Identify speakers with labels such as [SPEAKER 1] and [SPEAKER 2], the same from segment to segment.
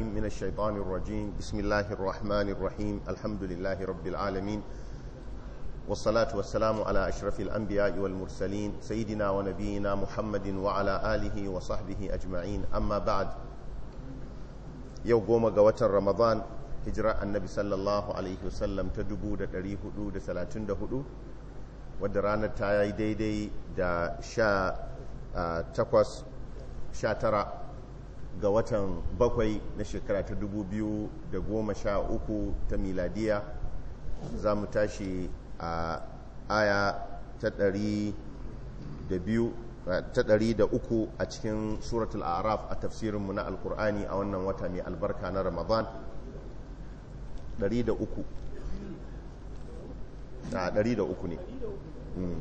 [SPEAKER 1] من الشيطان الرجيم بسم الله الرحمن الرحيم الحمد لله رب العالمين والصلاة والسلام على أشرف الأنبياء والمرسلين سيدنا ونبينا محمد وعلى آله وصحبه أجمعين أما بعد يوم قوة رمضان هجرة النبي صلى الله عليه وسلم تدبو دريه دود سلاتن دهدو ودرانا تايدي دي دا شا تقوس شا ترى ga watan bakwai na shekara ta dubu biyu 2013 ta miladiya za mu tashi a aya ta da uku a cikin suratul araf a tafsirinmu na alkur'ani a wannan wata mai albarka na ramadan dari a uku ne hmm.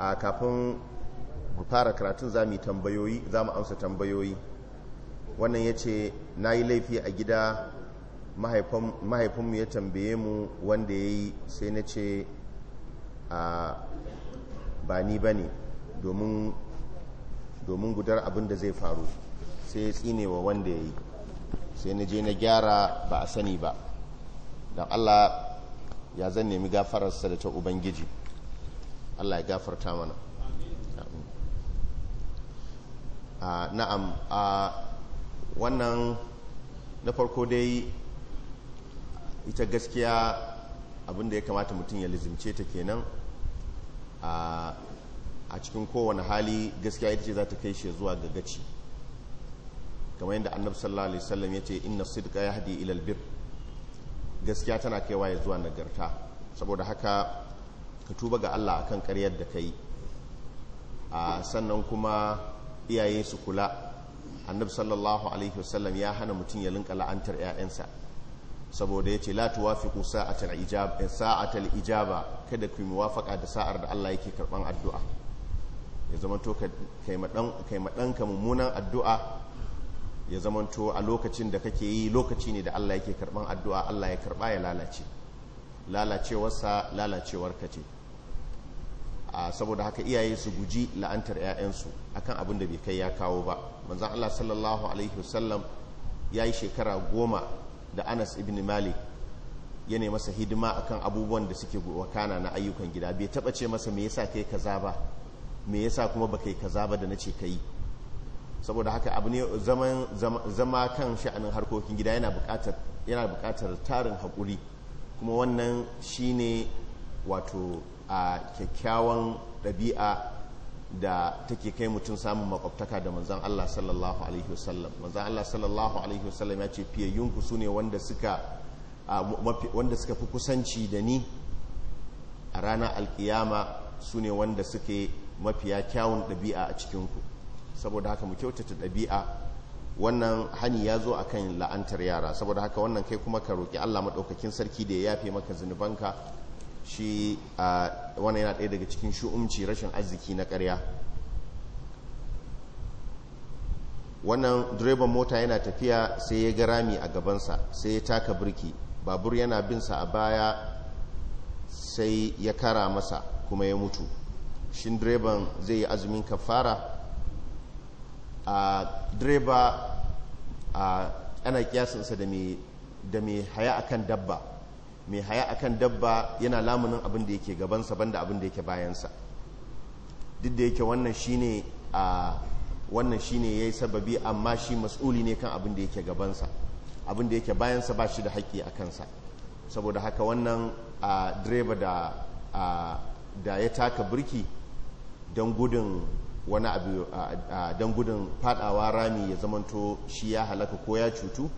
[SPEAKER 1] a kafin mu fara karatun za mu tambayoyi za amsa tambayoyi wannan ya ce na yi laifi a gida mahaifinmu ya tambaye mu wanda ya yi sai na ce a ba ni ba ne domin gudar abin da zai faru sai ya tsinewa wanda ya yi sai na je na gyara ba a sani ba don allah ya zan nemi gafararsa da ta ubangiji allah ya gafarta mana Ah, na'am a ah, wannan na farko dai ita gaskiya abinda ya kamata mutum ya lizimce ta kenan ah, a cikin kowane hali gaskiya ita ce za ta kai shi zuwa ga gaci kamar yadda annabu sallallahu alaihi wasallam ya ce inna sidqa yahdi ilal bir gaskiya tana kaiwa ya zuwa nagarta saboda haka ka tuba ga Allah akan karyar da ka yi sannan kuma iyaye su kula annabi sallallahu alaihi wasallam ya hana mutum ya linka la'antar 'ya'yansa saboda ya ce la tuwafiqu sa'atal ijaba sa'atal ijaba kada ku muwafaqa da sa'ar da Allah yake karban addu'a ya zamanto kai madan kai mummunan addu'a ya zamanto a lokacin da kake yi lokaci ne da Allah yake karban addu'a Allah ya karba ya lalace lalacewarsa lalacewar ka ce saboda haka iyaye su guji la'antar 'ya'yansu akan abin da bai kai ya kawo ba manzan Allah sallallahu alaihi wasallam ya yi shekara goma da Anas ibn Malik ya ne masa hidima akan abubuwan da suke wakana na ayyukan gida bai taba ce masa me yasa kai kaza ba me yasa kuma baka yi kaza ba da nace yi. saboda haka abu ne zama kan sha'anin harkokin gida yana bukatar tarin haƙuri kuma wannan shine wato a kyakkyawan ɗabi'a da take kai mutum samun makwabtaka da manzan Allah sallallahu alaihi wasallam manzan Allah sallallahu alaihi wasallam ya ce fiyayyunku su ne wanda suka fi kusanci da ni a ranar alkiyama su ne wanda suke mafiya kyawun ɗabi'a a cikinku saboda haka mu kyautata ɗabi'a wannan hani ya zo a kan la'antar yara saboda haka wannan kai kuma ka roƙi Allah maɗaukakin sarki da ya yafe maka zunubanka shi a wani yana ɗaya daga cikin shu'umci rashin arziki na ƙarya wannan direban mota yana tafiya sai ya ga rami a gabansa sai ya taka birki babur yana binsa a baya sai ya kara masa kuma ya mutu shin direban zai yi azumin kafara a direba ana kiyasinsa da mai haya akan dabba mai haya akan dabba yana lamunin abin da yake gabansa banda abin da yake bayansa duk da yake wannan shine a wannan shine yayi sababi amma shi mas'uli ne kan abin da yake gabansa abin da yake bayansa ba shi da haƙƙi a kansa saboda haka wannan a direba da da ya taka birki don gudun wani abu don gudun fadawa rami ya zamanto shi ya halaka ko ya cutu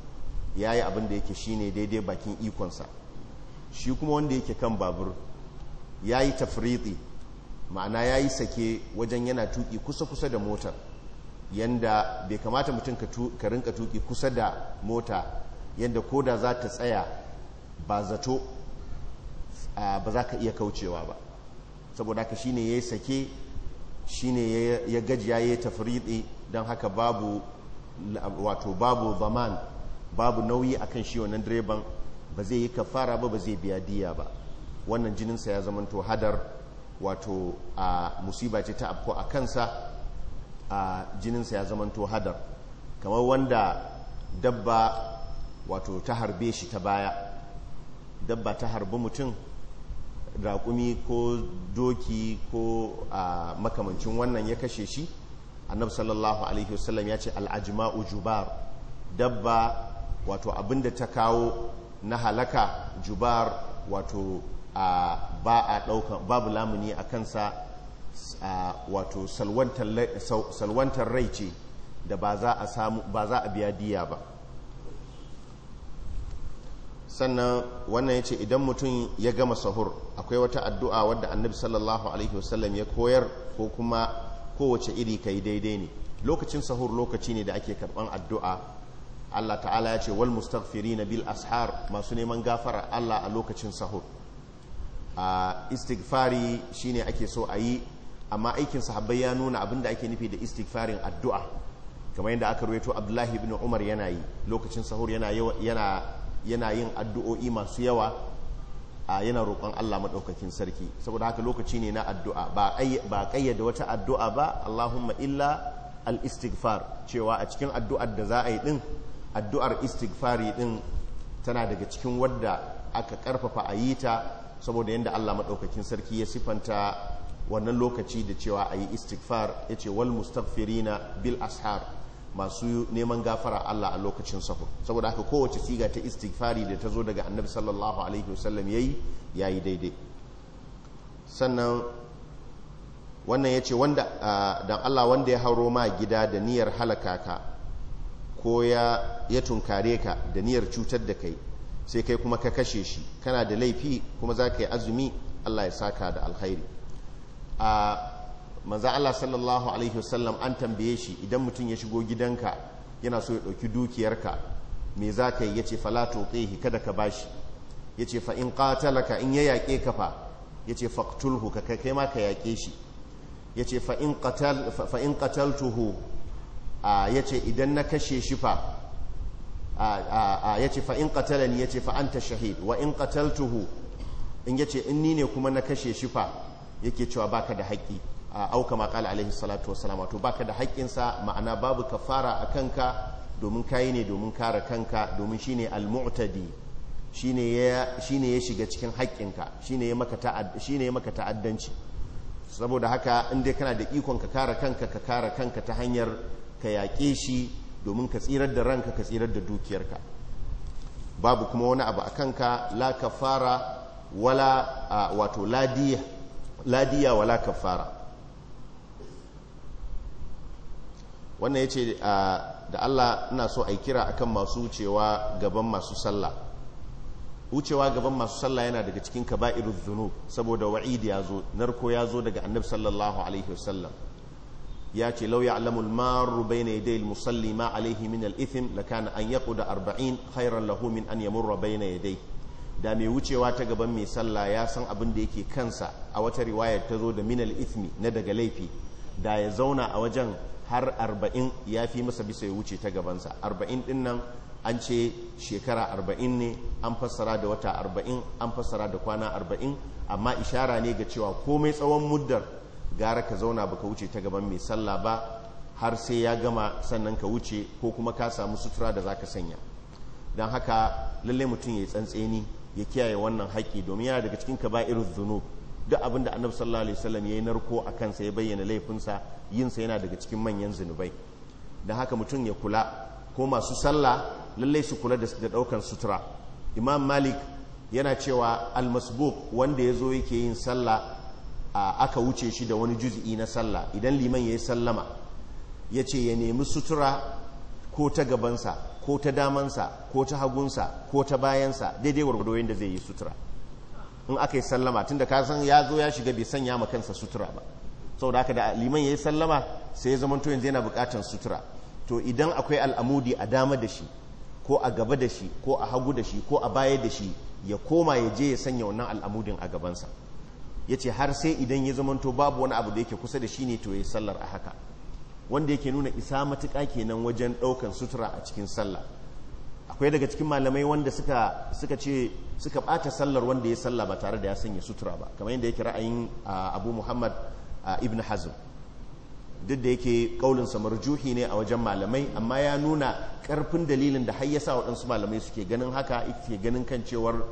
[SPEAKER 1] ya yi abin da yake shine daidai bakin ikonsa shi kuma wanda yake kan babur ya yi tafriti ma'ana ya yi sake wajen yana tuki kusa-kusa da motar yadda bai kamata mutum ka rinka tuki kusa da mota yanda koda za ta tsaya ba zato ba za ka iya kaucewa ba saboda haka shine ya yi sake shine ya gajiya ya yi tafriti don haka babu wato babu zaman babu nauyi akan shi wannan direban ba zai yi kafara ba ba zai biya diya ba wannan jininsa ya to hadar wato a musiba ce ta afko a kansa a jininsa ya zamanto hadar kamar wanda dabba wato ta harbe shi ta baya dabba ta harbi mutum raƙumi ko doki ko a makamancin wannan ya kashe shi annabi sallallahu alaihi wasallam ya ce al'ajma'u jubar dabba wato abinda ta kawo na halaka jubar wato ba a ɗaukan babu lamuni a kansa wato salwantar rai ce da ba za a biya diya ba sannan wannan ya ce idan mutum ya gama sahur akwai wata addu'a wadda annabi sallallahu alaihi wasallam ya koyar ko kuma kowace iri ka yi daidai ne lokacin sahur lokaci ne da ake karɓan addu'a Allah ta'ala ya ce wal na bil ashar masu neman gafara Allah a lokacin sahur a istighfari shine ake so a yi amma aikin sahabbai ya nuna abinda ake nufi da istighfarin addu'a kamar yadda aka ruwaito Abdullahi ibn Umar yana yi lokacin sahur yana yana yin addu'o'i masu yawa yana roƙon Allah madaukakin sarki saboda haka lokaci ne na addu'a ba ƙayyada wata addu'a ba Allahumma illa al-istighfar cewa a cikin addu'ar da za a yi ɗin addu'ar istighfari din tana daga cikin wadda aka karfafa a yi ta saboda yadda Allah maɗaukakin sarki ya sifanta wannan lokaci da cewa a yi istighfar ya ce wal mustaghfirina bil ashar masu neman gafara Allah a lokacin sahu saboda haka kowace siga ta istighfari da ta zo daga annabi sallallahu alaihi wasallam yayi yayi daidai sannan wannan ya ce wanda ah, dan Allah wanda ya hauro ma gida da niyyar halaka ka ko ya tunkare ka da niyyar cutar da kai sai kai kuma ka kashe shi kana da laifi kuma za ka yi azumi Allah ya saka da alkhairi a manza Allah sallallahu alaihi wasallam an tambaye shi idan mutum ya shigo gidanka yana so ya ɗauki dukiyarka me za ka yi ya ce falato toƙehi kada ka bashi ya ce fa in ƙatalaka in ya yaƙe ka fa ya ce faƙtulhu ka kai ma ka yaƙe shi ya ce fa in ƙataltuhu ya ce idan na kashe shi fa ya ce fa in ƙatala ni ya ce fa an ta shahid wa in ƙataltuhu in ya ce in ni ne kuma na kashe shi fa yake cewa ba ka da haƙƙi auka maƙala alaihi salatu to ba ka da haƙƙinsa ma'ana babu ka fara a kanka domin kayi ne domin kare kanka domin shine al-mu'tadi shine ya shiga cikin haƙƙinka shine ya maka ta'addanci saboda haka inda kana da ikon ka kare kanka ka kare kanka ta hanyar ka yaƙe shi domin ka tsirar da ranka ka tsirar da dukiyarka babu kuma wani abu a kanka la ka fara wala a wato ladiya wala ka fara. wannan ya ce da Allah na so a kira akan masu wucewa gaban masu sallah wucewa gaban masu sallah yana daga cikin kaba'iru zunub saboda wa'idi ya zo narko ya zo daga annab sallallahu alaihi wasallam ya ce lauya alamul maru bayna yadayil musalli ma alaihi min al-ithm lakana an yaƙo da arba'in lahu lahumin an rabai na yadda da mai wucewa ta gaban mai sallah ya san abin da yake kansa a wata riwayar ta zo da min al na daga laifi da ya zauna a wajen har arba'in ya fi masa bisa ya wuce ta gabansa arba'in din nan an ce shekara arba'in ne an fassara da wata arba'in an fassara da kwana arba'in amma ishara ne ga cewa komai tsawon muddar gara ka zauna baka wuce ta gaban mai sallah ba har sai ya gama sannan ka wuce ko kuma ka samu sutura da za ka sanya don haka lalle mutum ya yi tsantseni ya kiyaye wannan haƙi domin yana daga cikin irin zunub duk abin da annabi sallallahu alaihi wasallam yi narko a kansa ya bayyana laifinsa yinsa yana daga cikin manyan zunubai don haka mutum ya kula ko masu sallah lalle su kula da ɗaukan sutura imam malik yana cewa almasbuk wanda ya zo yake yin sallah aka wuce shi da wani juz'i na sallah idan liman ya yi sallama ya ce ya nemi sutura ko ta gabansa ko ta damansa ko ta hagunsa ko ta bayansa daidai wargwado yadda zai yi sutura in aka yi sallama tun da ka san ya zo ya shiga bai sanya ma kansa sutura ba sau saboda haka da liman ya yi sallama sai ya zamanto yanzu yana bukatan sutura to idan akwai al'amudi a dama da shi ko a gaba da shi ko a hagu da shi ko a baya da shi ya koma ya je ya sanya wannan al'amudin a gabansa ya ce har sai idan ya zamanto babu wani abu da yake kusa da shi ne to ya sallar a haka wanda yake nuna isa matuƙa kenan wajen ɗaukan sutura a cikin sallah akwai daga cikin malamai wanda suka ce suka ɓata sallar wanda ya salla ba tare da ya sanya sutura ba kamar yadda yake ra'ayin abu muhammad ibn hazm duk da yake kaulin samar juhi ne a wajen malamai amma ya nuna karfin dalilin da har yasa waɗansu malamai suke ganin haka ke ganin kan cewar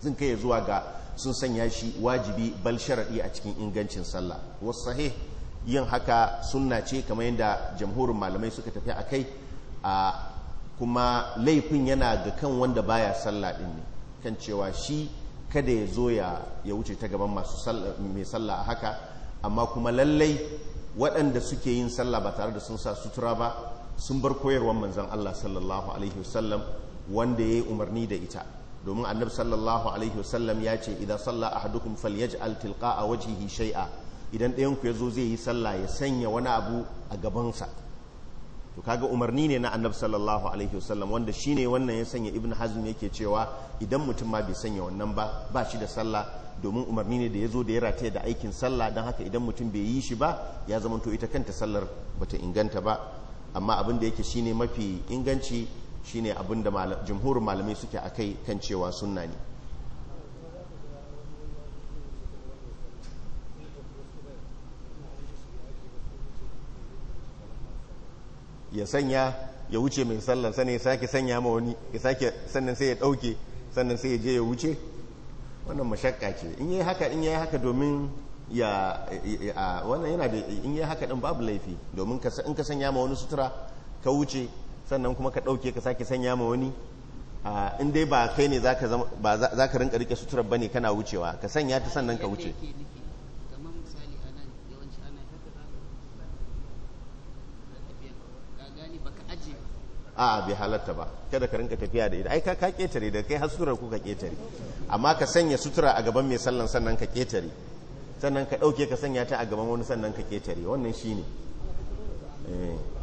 [SPEAKER 1] zin kai zuwa ga sun sanya shi wajibi bal sharaɗi a cikin ingancin sallah wasu sahih yin haka sunna ce kamar yadda jamhurin malamai suka tafi a kai a kuma laifin yana ga kan wanda baya sallah din ne kan cewa shi kada ya zo ya wuce ta gaban masu mai sallah a haka amma kuma lallai waɗanda suke yin sallah ba tare da sun sa sutura ba sun bar koyarwar manzon Allah sallallahu alaihi wanda ya yi umarni da ita domin annabi sallallahu alaihi wasallam ya ce idan salla ahadukum falyaj'al a wajhihi shai'a idan ɗayan ku zo zai yi sallah ya sanya wani abu a gabansa to kaga umarni ne na annabi sallallahu alaihi wasallam wanda shine wannan ya sanya ibn hazm yake cewa idan mutum ma bai sanya wannan ba ba shi da sallah domin umarni ne da yazo da ya rataya da aikin sallah dan haka idan mutum bai yi shi ba ya zamanto ita kanta sallar bata inganta ba amma abin da yake shine mafi inganci shine abin da jumhurin malamai suke a kai kan cewa sunna ne ya sanya ya wuce mai sallan sannan ya sake sanya ma wani ya sake sannan sai ya dauke sannan sai ya je ya wuce wannan mashakka ce in yi haka in yi haka domin ya wannan yana da in yi haka din babu laifi domin in ka sanya ma wani sutura ka wuce sannan kuma ka ɗauke ka sake sanya ma wani in dai ba kai ne za ka rinka rike suturar bane kana wucewa ka sanya ta sannan ka wuce a'a bai halatta ba kada ka rinka tafiya da ita ai ka ketare da kai har surar ku ka ketare amma ka sanya sutura a gaban mai sallan sannan ka ketare sannan ka ɗauke ka sanya ta a gaban wani sannan ka ketare wannan shi eh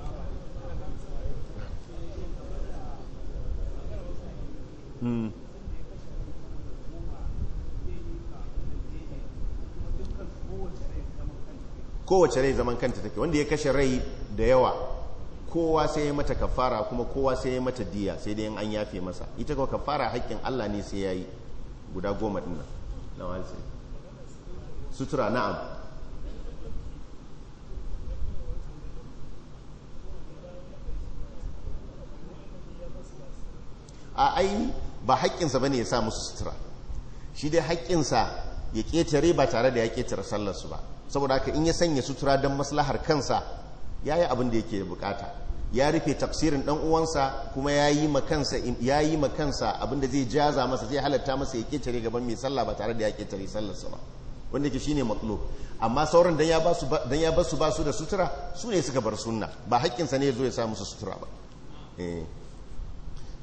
[SPEAKER 1] kowace rai zaman kanta take wanda ya kashe rai da yawa kowa sai ya mata kafara kuma kowa sai ya mata diya sai dai an yafe masa ita kuwa kafara haƙƙin Allah ne sai ya yi guda goma ɗin nan na sutura na'am a ai ba haƙƙinsa ba ne ya sa musu sutura shi dai haƙƙinsa ya ƙetare ba tare da ya ƙetare sallarsu ba saboda haka in ya sanya sutura don maslahar kansa ya yi abin da yake bukata ya rufe tafsirin ɗan uwansa kuma ya yi makansa ya yi makansa abin da zai jaza masa zai halatta masa ya ƙetare gaban mai sallah ba tare da ya ƙetare sallarsa ba wanda ke shine matlub amma sauran don ya ba su ba su da sutura su ne suka bar sunna ba haƙƙinsa ne ya zo ya sa musu sutura ba eh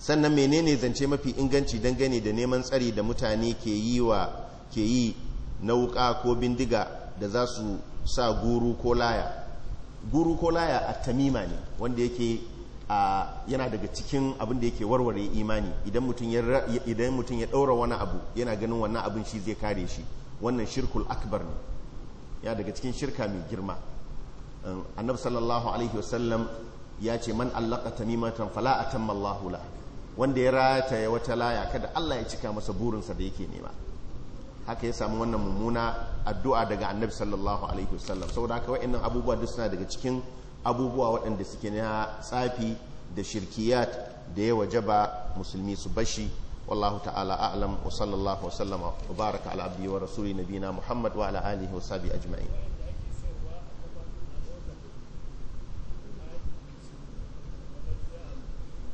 [SPEAKER 1] sannan menene zance mafi inganci dangane da neman tsari da mutane ke yi wa ke yi na wuka ko bindiga da za su sa guru ko laya guru ko laya a tamima ne wanda yake a yana daga cikin abin da yake warware imani idan mutum ya ɗaura wani abu yana ganin wannan abin shi zai kare shi wannan shirkul akbar ne ya daga cikin shirka mai girma annabi sallallahu alaihi wasallam ya ce man allaka tamimatan fala atamma Allahu lahu wanda ya rataya wata laya kada Allah ya cika masa burinsa da yake nema haka ya samu wannan mummuna addu'a daga annabi sallallahu alaihi wasallam saboda haka wa'annan abubuwa duk suna daga cikin abubuwa waɗanda suke na tsafi da shirkiyat da ya wajaba musulmi su bashi wallahu ta'ala a'lam wa sallallahu wa sallama wa baraka ala abdi wa rasuli nabina muhammad wa ala alihi wa sahbihi ajma'in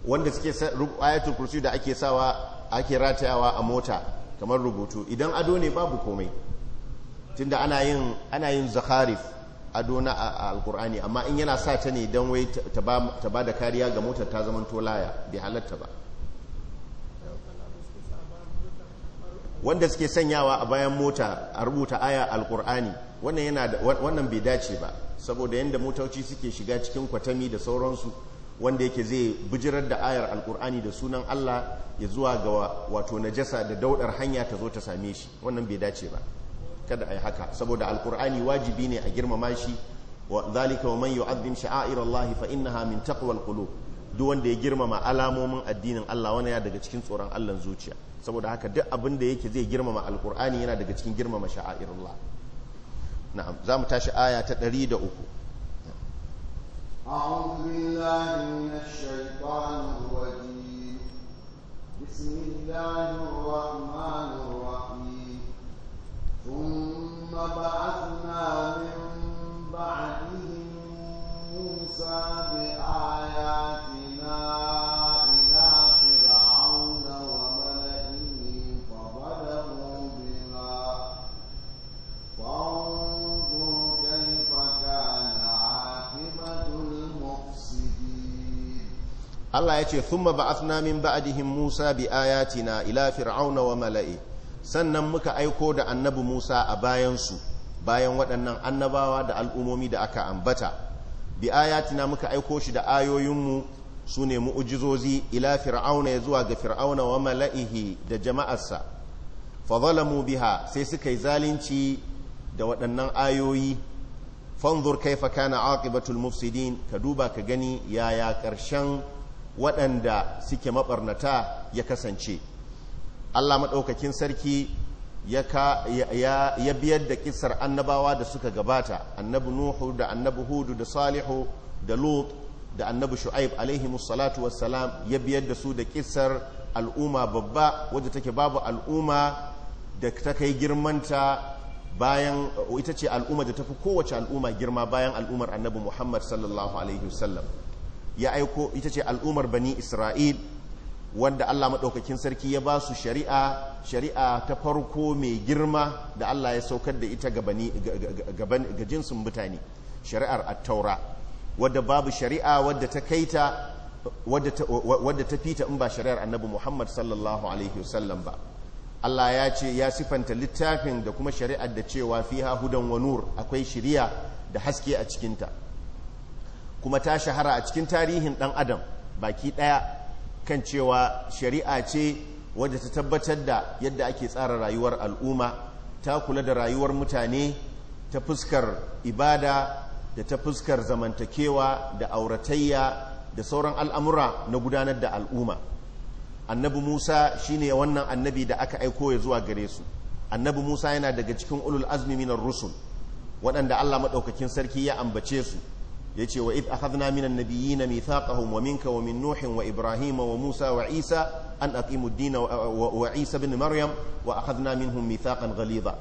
[SPEAKER 1] wanda suke ayatul kursi da ake sawa ake ratayawa a mota kamar rubutu idan ado ne babu komai tunda ana yin ana yin zakharif ado na alkur'ani amma in yana sa ta ne don wai ta ba da kariya ga motar ta zama tolaya bai halatta ba wanda suke sanyawa a bayan mota a rubuta aya alkur'ani wannan bai dace ba saboda yadda motoci suke shiga cikin kwatami da sauransu wanda yake zai bijirar da ayar alkur'ani da sunan Allah ya zuwa ga wato najasa da daudar hanya ta zo ta same shi wannan bai dace ba kada ai haka saboda alkur'ani wajibi ne a girmama shi wa zalika wa man yu'azzim sha'air Allah fa innaha min taqwal qulub duk wanda ya girmama alamomin addinin Allah wannan ya daga cikin tsoron Allah zuciya saboda haka duk abin da yake zai girmama alkur'ani yana daga cikin girmama sha'air Allah na'am zamu tashi aya ta 103
[SPEAKER 2] أعوذ بالله من الشيطان الرجيم بسم الله الرحمن الرحيم ثم بعثنا من بعدهم موسى بآياتنا
[SPEAKER 1] Allah ya ce thumma ba'athna min ba'dihim Musa bi ayatina ila fir'auna wa mala'i sannan muka aiko da annabi Musa a bayansu bayan waɗannan annabawa da al'umomi da aka ambata bi ayatina muka aiko shi da ayoyinmu su ne mu'ujizozi ila fir'auna ya zuwa ga fir'auna wa mala'ihi da jama'arsa fa zalamu biha sai suka yi zalunci da waɗannan ayoyi fanzur kaifa kana aqibatul mufsidin ka duba ka gani yaya ƙarshen waɗanda suke maɓarnata ya kasance allah maɗaukakin sarki ya, ya biyar da kisar annabawa da suka gabata annabi nuhu da annabi hudu da salihu da lut da annabu shu'aib alaihi wassalam ya biyar da su da kisar al'umma babba wadda take babu al'umma da ta kai girmanta bayan ita ce al'umma da tafi kowace al'umma girma bayan al'ummar annabi muhammad sallallahu alaihi wasallam ya aiko ita ce al'umar bani isra'il wanda Allah maɗaukakin sarki ya ba su shari'a shari'a ta farko mai girma da Allah ya saukar da ita ga jinsin mutane shari'ar attaura wadda babu shari'a wadda ta kaita wadda ta fita in ba shari'ar annabi Muhammad sallallahu alaihi wasallam ba Allah ya ce ya sifanta littafin da kuma shari'ar da cewa fiha hudan wa nur akwai shari'a da haske a cikinta kuma ta shahara a cikin tarihin ɗan adam baki ɗaya kan cewa shari'a ce wadda ta tabbatar da yadda ake tsara rayuwar al'umma ta kula da rayuwar mutane ta fuskar ibada da ta fuskar zamantakewa da auratayya da sauran al'amura na gudanar da al'umma annabi musa shine wannan annabi da aka aiko ya zuwa gare su annabi musa yana daga cikin ulul azmi minar rusul waɗanda allah maɗaukakin sarki ya ambace su yace wa id akhadna minan nabiyyina mithaqahum wa minka wa min nuhin wa ibrahima wa musa wa isa an aqimu din wa isa ibn maryam wa akhadna minhum mithaqan ghalidha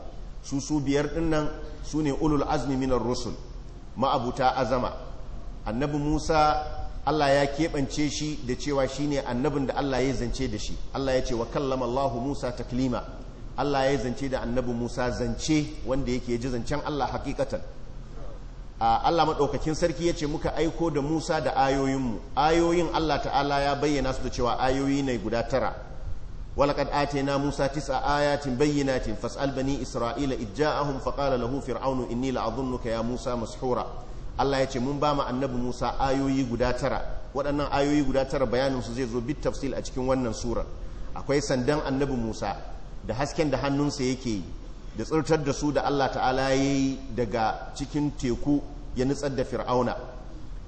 [SPEAKER 1] su su biyar dinnan sune ulul azmi minar rusul ma'abuta azama annabi musa Allah ya keɓance shi da cewa shi ne annabin da Allah ya zance da shi Allah ya ce wa kallama Allah Musa taklima Allah ya zance da annabi Musa zance wanda yake ji zancen Allah hakikatan Allah maɗaukakin sarki ya ce muka aiko da Musa da ayoyinmu ayoyin Allah ta'ala ya bayyana su da cewa ayoyi ne guda tara walaƙad ate na Musa tis'a ayatin bayyanatin fas'al bani Isra'ila idja'ahum faqala lahu fir'aunu inni la'adhunnuka ya Musa mashura Allah ya ce mun ba mu annabi Musa ayoyi guda tara waɗannan ayoyi guda tara bayanin su zai zo bit tafsil a cikin wannan surar akwai sandan annabi Musa da hasken da hannunsa yake yi da tsirtar da su da Allah ta'ala ya yi daga cikin teku ya nutsar da fir'auna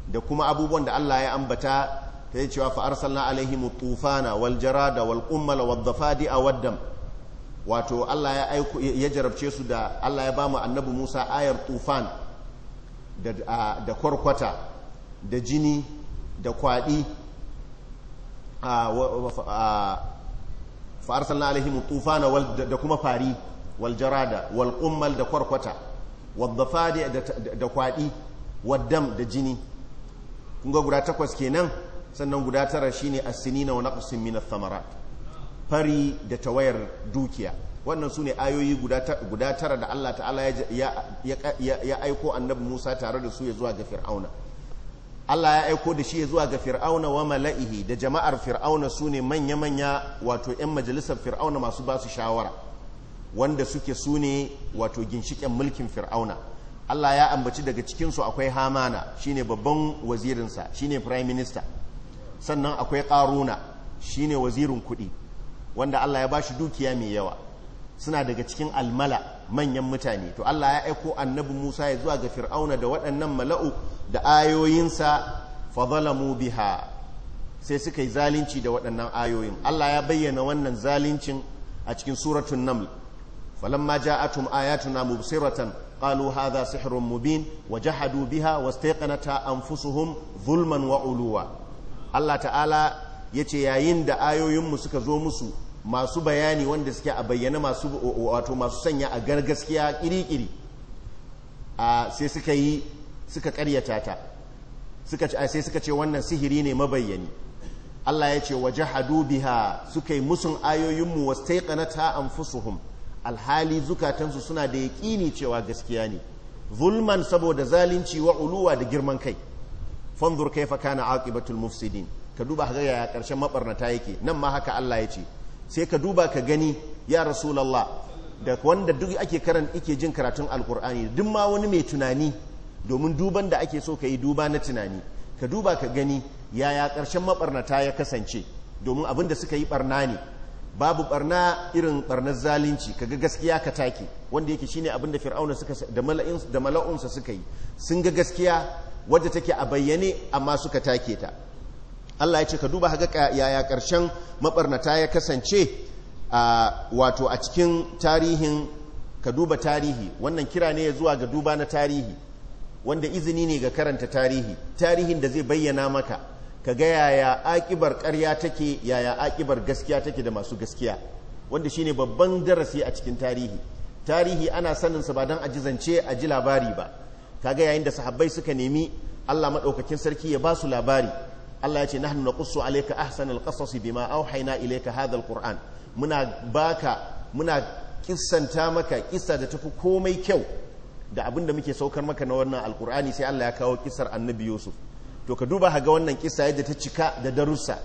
[SPEAKER 1] da kuma abubuwan da Allah ya ambata ta yi cewa fa'arsalna alaihimu tufana wal jarada wal kummala wal zafadi a waddam wato Allah ya aiku ya jarabce su da Allah ya ba mu annabi Musa ayar tufan da kwarkwata da jini da kwaɗi fa'arsalna alaihimu tufana da kuma fari wal jarada wal da kwarkwata wad dafadi da kwadi wad da jini kun guda takwas kenan sannan guda tara shine as-sinina wa naqsin min ath fari da tawayar dukiya wannan sune ayoyi guda tara da Allah ta'ala ya aiko annabi Musa tare da su ya zuwa ga fir'auna Allah ya aiko da shi ya zuwa ga fir'auna wa mala'ihi da jama'ar fir'auna su ne manya-manya wato 'yan majalisar fir'auna masu ba su shawara wanda suke su ne wato ginshiken mulkin fir'auna Allah ya ambaci daga cikinsu akwai hamana shine babban wazirinsa shine prime minister sannan akwai ƙaruna shine wazirin kuɗi wanda Allah ya ba shi dukiya mai yawa suna daga cikin almala manyan mutane to Allah ya aiko annabi Musa ya zuwa ga fir'auna da waɗannan mala'u da ayoyinsa fadalamu biha sai suka yi zalunci da waɗannan ayoyin Allah ya bayyana wannan zaluncin a cikin suratun naml فلما جاءتهم آياتنا مبصرة قالوا هذا سحر مبين وجحدوا بها واستيقنتها أنفسهم ظلما وعلوا الله تعالى yace yayin da ayoyinmu suka zo musu masu bayani wanda suke a bayyana masu wato masu sanya a gargaskiya kiri-kiri a sai suka yi suka karyata ta sai suka ce wannan sihiri ne mabayyani Allah ya ce waje biha suka yi musun ayoyinmu wasu taiƙanata an fusuhun alhali zukatansu suna da yaƙini cewa gaskiya ne zulman saboda zalunci wa uluwa da girman kai fanzur kaifa kana aqibatul mufsidin ka duba haka ya karshen mabarnata yake nan ma haka Allah ya ce sai ka duba ka gani ya rasulullah da wanda duk ake karan ike jin karatun alkur'ani duk ma wani mai tunani domin duban da ake so ka yi duba na tunani ka duba ka gani yaya karshen mabarnata ya kasance domin abin da suka yi ɓarna ne babu barna irin barnar zalunci kaga gaskiya ka take wanda yake shine abinda fir'auna suka da mala'in da mala'unsa suka yi sun ga gaskiya wadda take a bayyane amma suka take ta Allah ya ce ka duba haka yaya karshen mabarnata ya kasance a wato a cikin tarihin ka duba tarihi wannan kira ne zuwa ga duba na tarihi wanda izini ne ga karanta tarihi tarihin da zai bayyana maka ka ga yaya akibar ƙarya take yaya akibar gaskiya take da masu gaskiya wanda shine babban darasi a cikin tarihi tarihi ana sanin sa ba dan ajizance a ji labari ba ka ga yayin da sahabbai suka nemi Allah madaukakin sarki ya ba su labari Allah ya ce nahnu naqussu alayka ahsanal su bima auhayna ilayka hadha alquran muna baka muna kissanta maka kissa da tafi komai kyau da abinda muke saukar maka na wannan alkur'ani sai Allah ya kawo kisar annabi Yusuf to ka duba haga wannan kisa yadda ta cika da darussa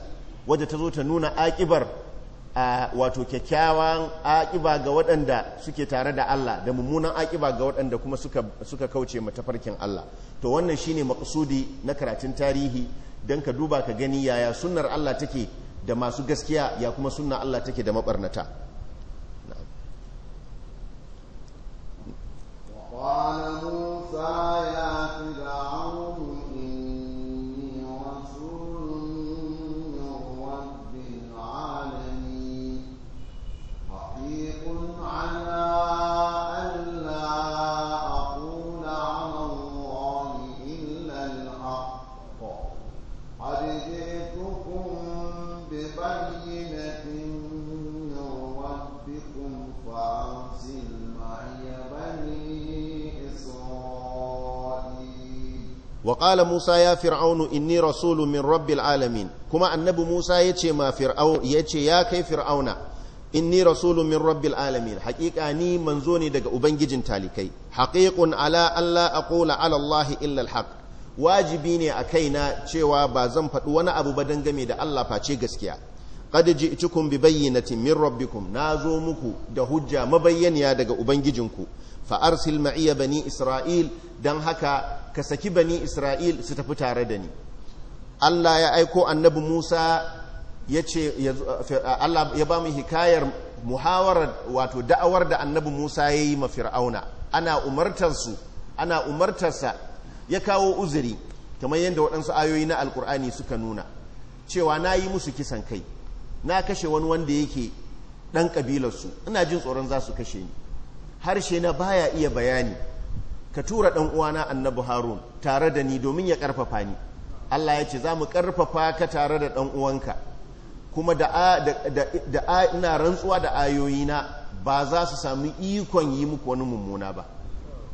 [SPEAKER 1] wadda ta zo ta nuna akibar a wato kyakkyawan akiba ga waɗanda suke tare da Allah da mummunan akiba ga waɗanda kuma suka, suka kauce matafarkin Allah to wannan shine maksudi na karatun tarihi don ka duba ka gani yaya sunnar Allah take da masu gaskiya ya kuma sunna Allah take da mabarnata
[SPEAKER 2] وقال موسى يا فرعون
[SPEAKER 1] wa musa ya fir'aunu inni rasulun min rabbil alamin kuma annabi musa yace ma yace ya kai fir'auna inni rasulun min rabbil alamin haqiqa ni manzo ne daga ubangijin talikai haqiqun ala alla aqula ala allah illa alhaq wajibi ne a kaina cewa ba zan faɗi wani abu ba dangane da Allah face gaskiya qad ji'tukum bi bayyinatin min na zo muku da hujja mabayyaniya daga ubangijinku fa arsil ma'iya bani isra'il dan haka ka saki bani isra'il su tafi tare da ni Allah ya aiko annabi Musa ya ce Allah ya ba mu hikayar muhawarar wato da'awar da annabi Musa ya yi ma fir'auna ana umartarsu ana umartarsa ya kawo uzuri kamar yadda waɗansu ayoyi na alkur'ani suka nuna cewa na yi musu kisan kai na kashe wani wanda yake ɗan ƙabilarsu ina jin tsoron za su kashe ni harshe na baya iya bayani ka tura ɗan uwana annabi harun tare da ni domin ya ƙarfafa ni allah ya ce za mu ƙarfafa ka tare da ɗan uwanka kuma da ina rantsuwa da ayoyina ba za su sami ikon yi muku wani mummuna ba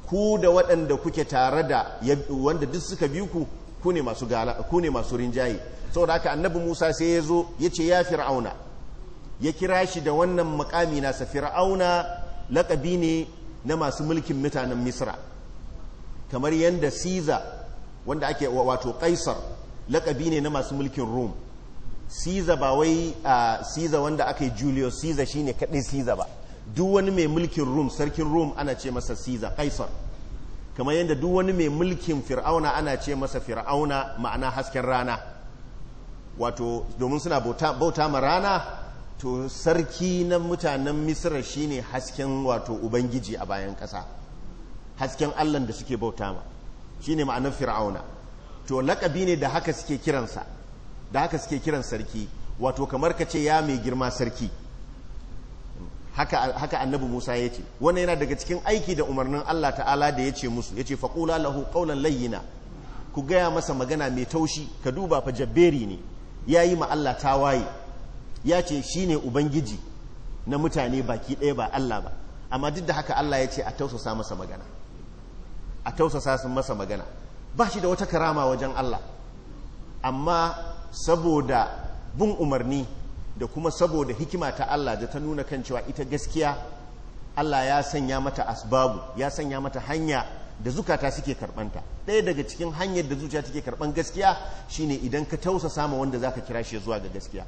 [SPEAKER 1] ku da waɗanda kuke tare da wanda duk suka bi ku ku ne masu gala ku ne masu rinjaye saboda haka annabi Musa sai ya zo ya ce ya fir'auna ya kira shi da wannan makami nasa fir'auna laƙabi ne na masu mulkin mutanen Misra kamar yadda Caesar wanda ake wato Kaisar lakabi ne na masu mulkin Rome Caesar ba wai a Caesar wanda aka yi Julius Caesar shine kadai Caesar ba duk wani mai mulkin Rome sarkin Rome ana ce masa Caesar Kaisar kamar yadda duk wani mai mulkin Fir'auna ana ce masa Fir'auna ma'ana hasken rana wato domin suna bauta ma rana to sarki na mutanen misra shine hasken wato ubangiji a bayan kasa. hasken Allah da suke bauta ma shine ma'anar fir'auna to lakabi ne da haka suke kiransa da haka suke kiran sarki wato kamar ka ce ya mai girma sarki haka haka annabi Musa ya ce wannan yana daga cikin aiki da umarnin Allah ta'ala da ya ce musu ya ce faƙula lahu ƙaunan layyina ku gaya masa magana mai taushi ka duba fa jabberi ne ya yi ma Allah waye ya ce shi ne ubangiji na mutane baki ɗaya ba Allah ba amma duk da haka Allah ya ce a tausasa masa magana a tausasa sun masa magana ba shi da wata karama wajen Allah amma saboda bin umarni da kuma saboda hikima ta Allah da ta nuna kan cewa ita gaskiya Allah ya sanya mata asbabu ya sanya mata hanya da zukata suke karbanta ɗaya daga cikin hanyar da zuciya take karban gaskiya shine idan ka tausasa ma wanda zaka kira shi zuwa ga gaskiya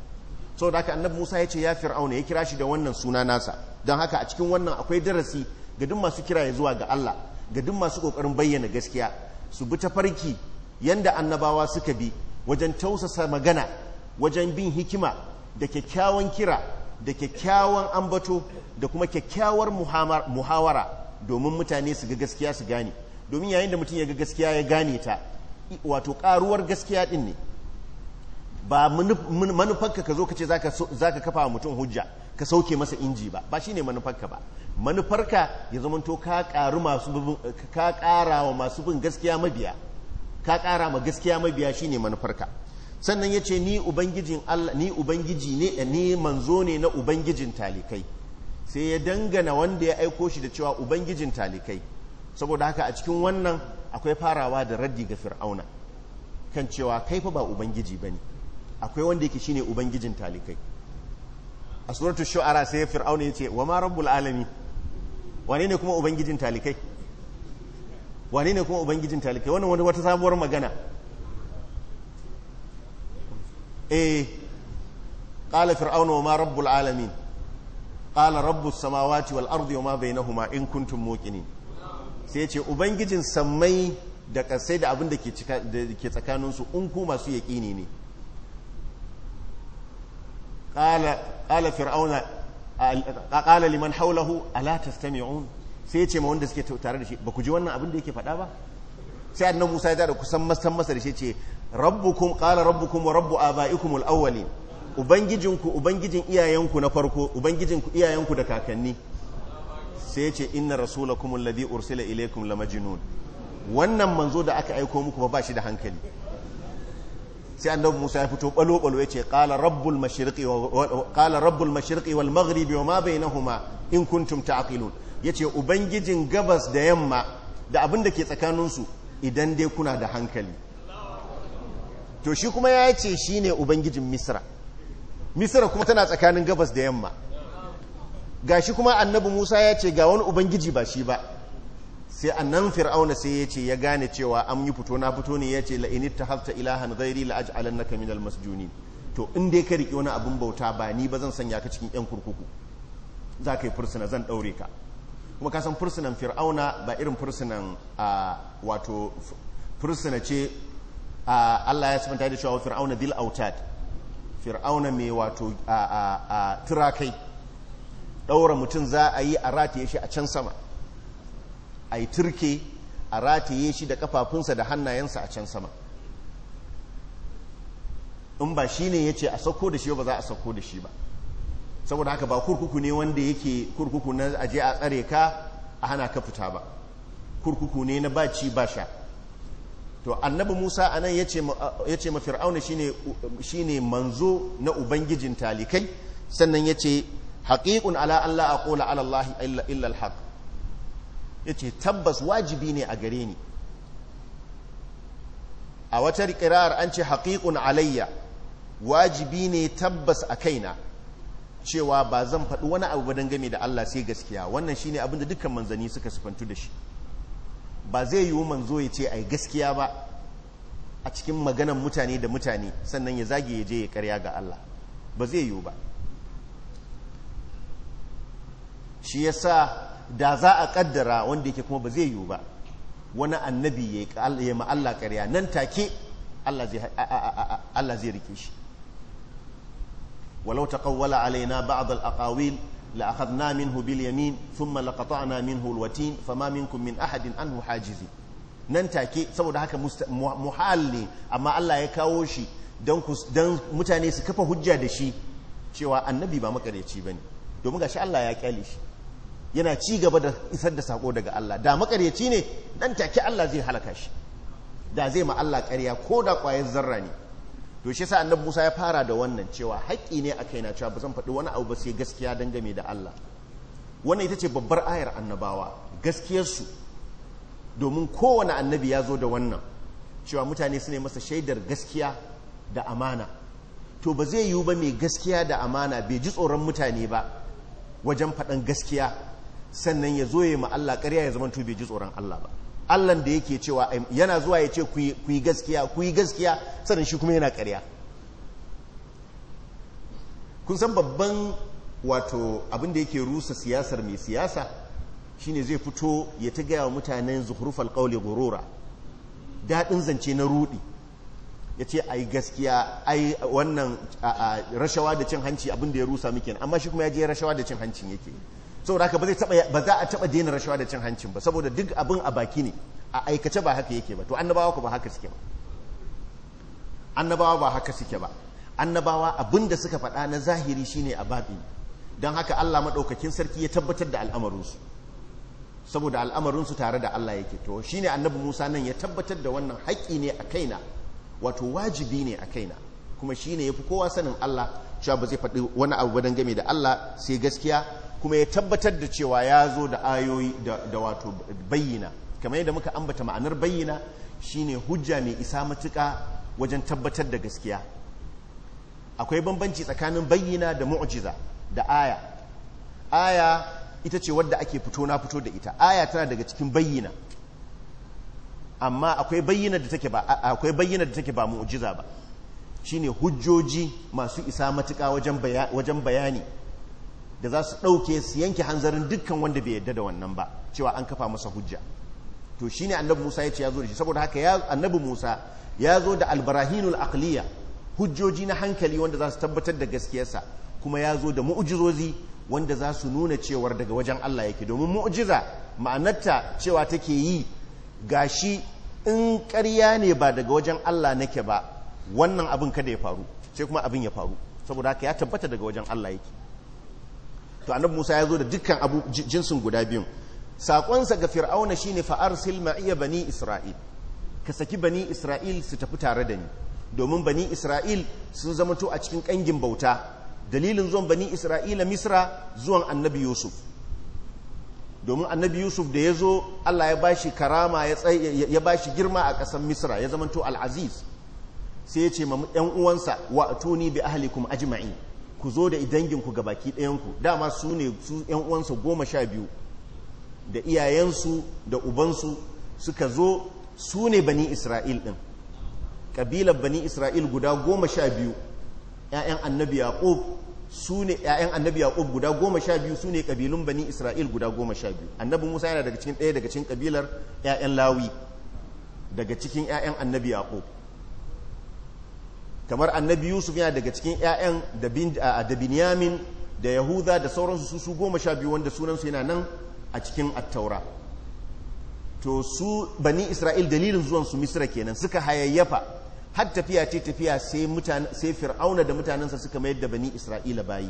[SPEAKER 1] sau da haka annabi musa ya ce ya fir'auna ya kira shi da wannan suna nasa don haka a cikin wannan akwai darasi ga duk masu kira ya zuwa ga allah ga duk masu kokarin bayyana gaskiya su bi ta tafarki yanda annabawa suka bi wajen tausasa magana wajen bin hikima da kyakkyawan kira da kyakkyawan ambato da kuma kyakkyawar muhawara domin mutane su ga gaskiya su gane domin yayin da mutum ya ga gaskiya ya gane ta wato karuwar gaskiya din ne ba manufanka ka zo ka ce za ka kafa mutum hujja ka sauke masa inji ba ba shine manufarka ba manufarka ya zamanto ka karu masu bin ka kara wa masu bin gaskiya mabiya ka kara ma gaskiya mabiya shine manufarka sannan yace ni ubangijin ni ubangiji ne ni manzo ne na ubangijin talikai sai ya dangana wanda ya aiko shi da cewa ubangijin talikai saboda haka a cikin wannan akwai farawa da raddi ga fir'auna kan cewa kai fa ba ubangiji bane akwai wanda yake shine ubangijin talikai a suratul shu'ara sai fir'auna yace wa ma rabbul alamin wane ne kuma ubangijin talikai wane ne kuma ubangijin talikai wannan wani wata sabuwar magana eh qala fir'auna wa ma rabbul alamin qala rabbus samawati wal ardi wa ma bainahuma in kuntum muqinin sai yace ubangijin sammai da kasai da abin da ke tsakaninsu in ku masu yaƙini ne qala qala fir'auna qala liman hawlahu ala tastami'un sai ce ma wanda suke tare da shi ba ku ji wannan abin da yake faɗa ba sai annabi Musa ya kusan masan masa da shi ce rabbukum qala rabbukum wa rabbu abaikum al ubangijinku ubangijin iyayenku na farko ubangijinku iyayenku da kakanni sai ce inna rasulakum alladhi ursila ilaykum lamajnun wannan manzo da aka aiko muku ba ba shi da hankali sai annabi Musa ya fito balo balo yace qala rabbul mashriqi wa qala rabbul mashriqi wal maghribi wa ma bainahuma in kuntum ta'qilun yace ubangijin gabas da yamma da abin da ke tsakanin su idan dai kuna da hankali to shi kuma ya ce shine ubangijin Misra Misra kuma tana tsakanin gabas da yamma gashi kuma annabi Musa ya ce ga wani ubangiji ba shi ba sai a nan fir'auna sai ya ce ya gane cewa an yi fito na fito ne ya ce la'init ta hafta ilahan zairi alan na kamilal minal masjuni to in dai ka riƙe wani abin bauta ba ni ba zan sanya ka cikin yan kurkuku za ka yi fursuna zan ɗaure ka kuma ka san fursunan fir'auna ba irin fursunan wato fursuna ce Allah ya sabanta da cewa fir'auna dil autad fir'auna mai wato a turakai ɗaura mutum za a yi a rataye shi a can sama a yi turke a rataye shi da kafafunsa da hannayensa a can sama in ba shi ne ya ce a sauko da shi ba za a sauko da shi ba saboda haka ba kurkuku ne wanda yake kurkuku na aje a tsare ka a hana ka fita ba kurkuku ne na baci ba sha to annabi musa a nan ya ce mafir'auna shi ne manzo na ubangijin talikai sannan ya ce haƙiƙun ala an a ƙola alallahi illal haƙ ya ce tabbas wajibi ne a gare ni a wata rikirar an ce haƙiƙun alayya wajibi ne tabbas a kaina cewa ba zan faɗi wani abu ba game da Allah sai gaskiya wannan shine abin da dukkan manzanni suka sifantu da shi ba zai yiwu manzo ya ce ai gaskiya ba a cikin maganan mutane da mutane sannan ya zage ya je ya karya ga Allah ba zai yiwu ba shi yasa da za a kaddara wanda yake kuma ba zai yiwu ba wani annabi ya ma Allah ƙarya nan take Allah zai rike shi walau taqawwala alaina ba'd al-aqawil la akhadna minhu bil yamin thumma laqata'na minhu al-watin fama minkum min ahadin anhu hajizi nan take saboda haka muhalli amma Allah ya kawo shi don mutane su kafa hujja da shi cewa annabi ba makareci bane domin gashi Allah ya kyale shi yana ci gaba da isar da sako daga Allah da makaryaci ne nan take Allah zai halaka shi da zai ma Allah ƙarya ko da ƙwayar zarra ne to shi sa annabi Musa ya fara da wannan cewa haƙƙi ne a kaina cewa ba zan faɗi wani abu ba sai gaskiya dangane da Allah wannan ita ce babbar ayar annabawa gaskiyarsu domin kowane annabi ya zo da wannan cewa mutane su ne masa shaidar gaskiya da amana to ba zai yiwu ba mai gaskiya da amana bai ji tsoron mutane ba wajen faɗan gaskiya sannan ya zo ma Allah ƙarya ya zama bai ji tsoron Allah ba Allah da yake cewa yana zuwa ya ce ku yi gaskiya ku yi gaskiya sannan shi kuma yana ƙarya kun san babban wato abin da yake rusa siyasar mai siyasa shine zai fito ya ta gaya wa mutanen zuhrufal ƙaule gurura daɗin zance na rudi ya ce yi gaskiya ai wannan rashawa da cin hanci abin da ya rusa muke amma shi kuma ya je rashawa da cin hancin yake saboda haka ba zai taba ba za a taba daina rashawa da cin hancin ba saboda duk abin a baki ne a aikace ba haka yake ba to annabawa ku ba haka suke ba annabawa ba haka suke ba annabawa abin da suka faɗa na zahiri shine a babi don haka Allah maɗaukakin sarki ya tabbatar da al'amarinsu saboda al'amarinsu tare da Allah yake to shine annabi Musa nan ya tabbatar da wannan haƙƙi ne a kaina wato wajibi ne a kaina kuma shi shine yafi kowa sanin Allah cewa ba zai faɗi wani abu ba game da Allah sai gaskiya kuma ya tabbatar da cewa ya zo da ayoyi da wato bayyana kamar yadda muka ambata ma'anar bayyana shine hujja mai isa matuka wajen tabbatar da gaskiya akwai bambanci tsakanin bayyana da mu'jiza da aya aya ita ce wadda ake fito na fito da ita aya tana daga cikin bayyana amma akwai bayyana da take ba akwai ba mu'jiza ba shine hujjoji masu isa matuka wajen bayani da za su ɗauke su yanke hanzarin dukkan wanda bai yadda da wannan ba cewa an kafa masa hujja to shine annabi Musa ya ce ya zo da shi saboda haka ya annabi Musa ya zo da albarahinul aqliya hujjoji na hankali wanda za su tabbatar da gaskiyarsa kuma ya zo da mu'jizozi wanda za su nuna cewar daga wajen Allah yake domin mu'ujiza ma'anarta cewa take yi gashi in karya ne ba daga wajen Allah nake ba wannan abin kada ya faru sai kuma abin ya faru saboda haka ya tabbata daga wajen Allah yake to annabi Musa ya zo da dukkan abu jinsin guda biyun saƙonsa ga fir'auna shine fa'ar silma iya bani isra'il ka saki bani isra'il su tafi tare da ni domin bani isra'il sun zamanto a cikin ƙangin bauta dalilin zuwan bani isra'ila misra zuwan annabi yusuf domin annabi yusuf da ya zo allah ya ba shi karama ya ba shi girma a ƙasar misra ya zama zamanto al'aziz sai ya ce ma 'yan uwansa wa bi ahalikum ajma'in ku zo da danginku ga baki ɗayanku dama su ne su ‘yan uwansa goma sha biyu da iyayensu da ubansu suka zo su ne bani isra'il ɗin ƙabilar bani isra'il guda goma sha biyu ‘ya'yan annabi yaƙub su ne ‘ya'yan annabi yaƙub guda goma sha biyu su ne ƙabilun bani isra'il guda goma sha biyu annabi musa yana daga cikin ɗaya daga cikin ƙabilar ‘ya'yan lawi daga cikin ‘ya'yan annabi yaƙub kamar annabi yusuf yana daga cikin 'ya'yan da binyamin da yahuda da sauransu su goma sha biyu wanda sunansu yana nan a cikin attaura to su bani isra'il dalilin zuwan su misra kenan suka hayayyafa har tafiya ce tafiya sai fir'auna da mutanensa suka mayar da bani isra'ila bayi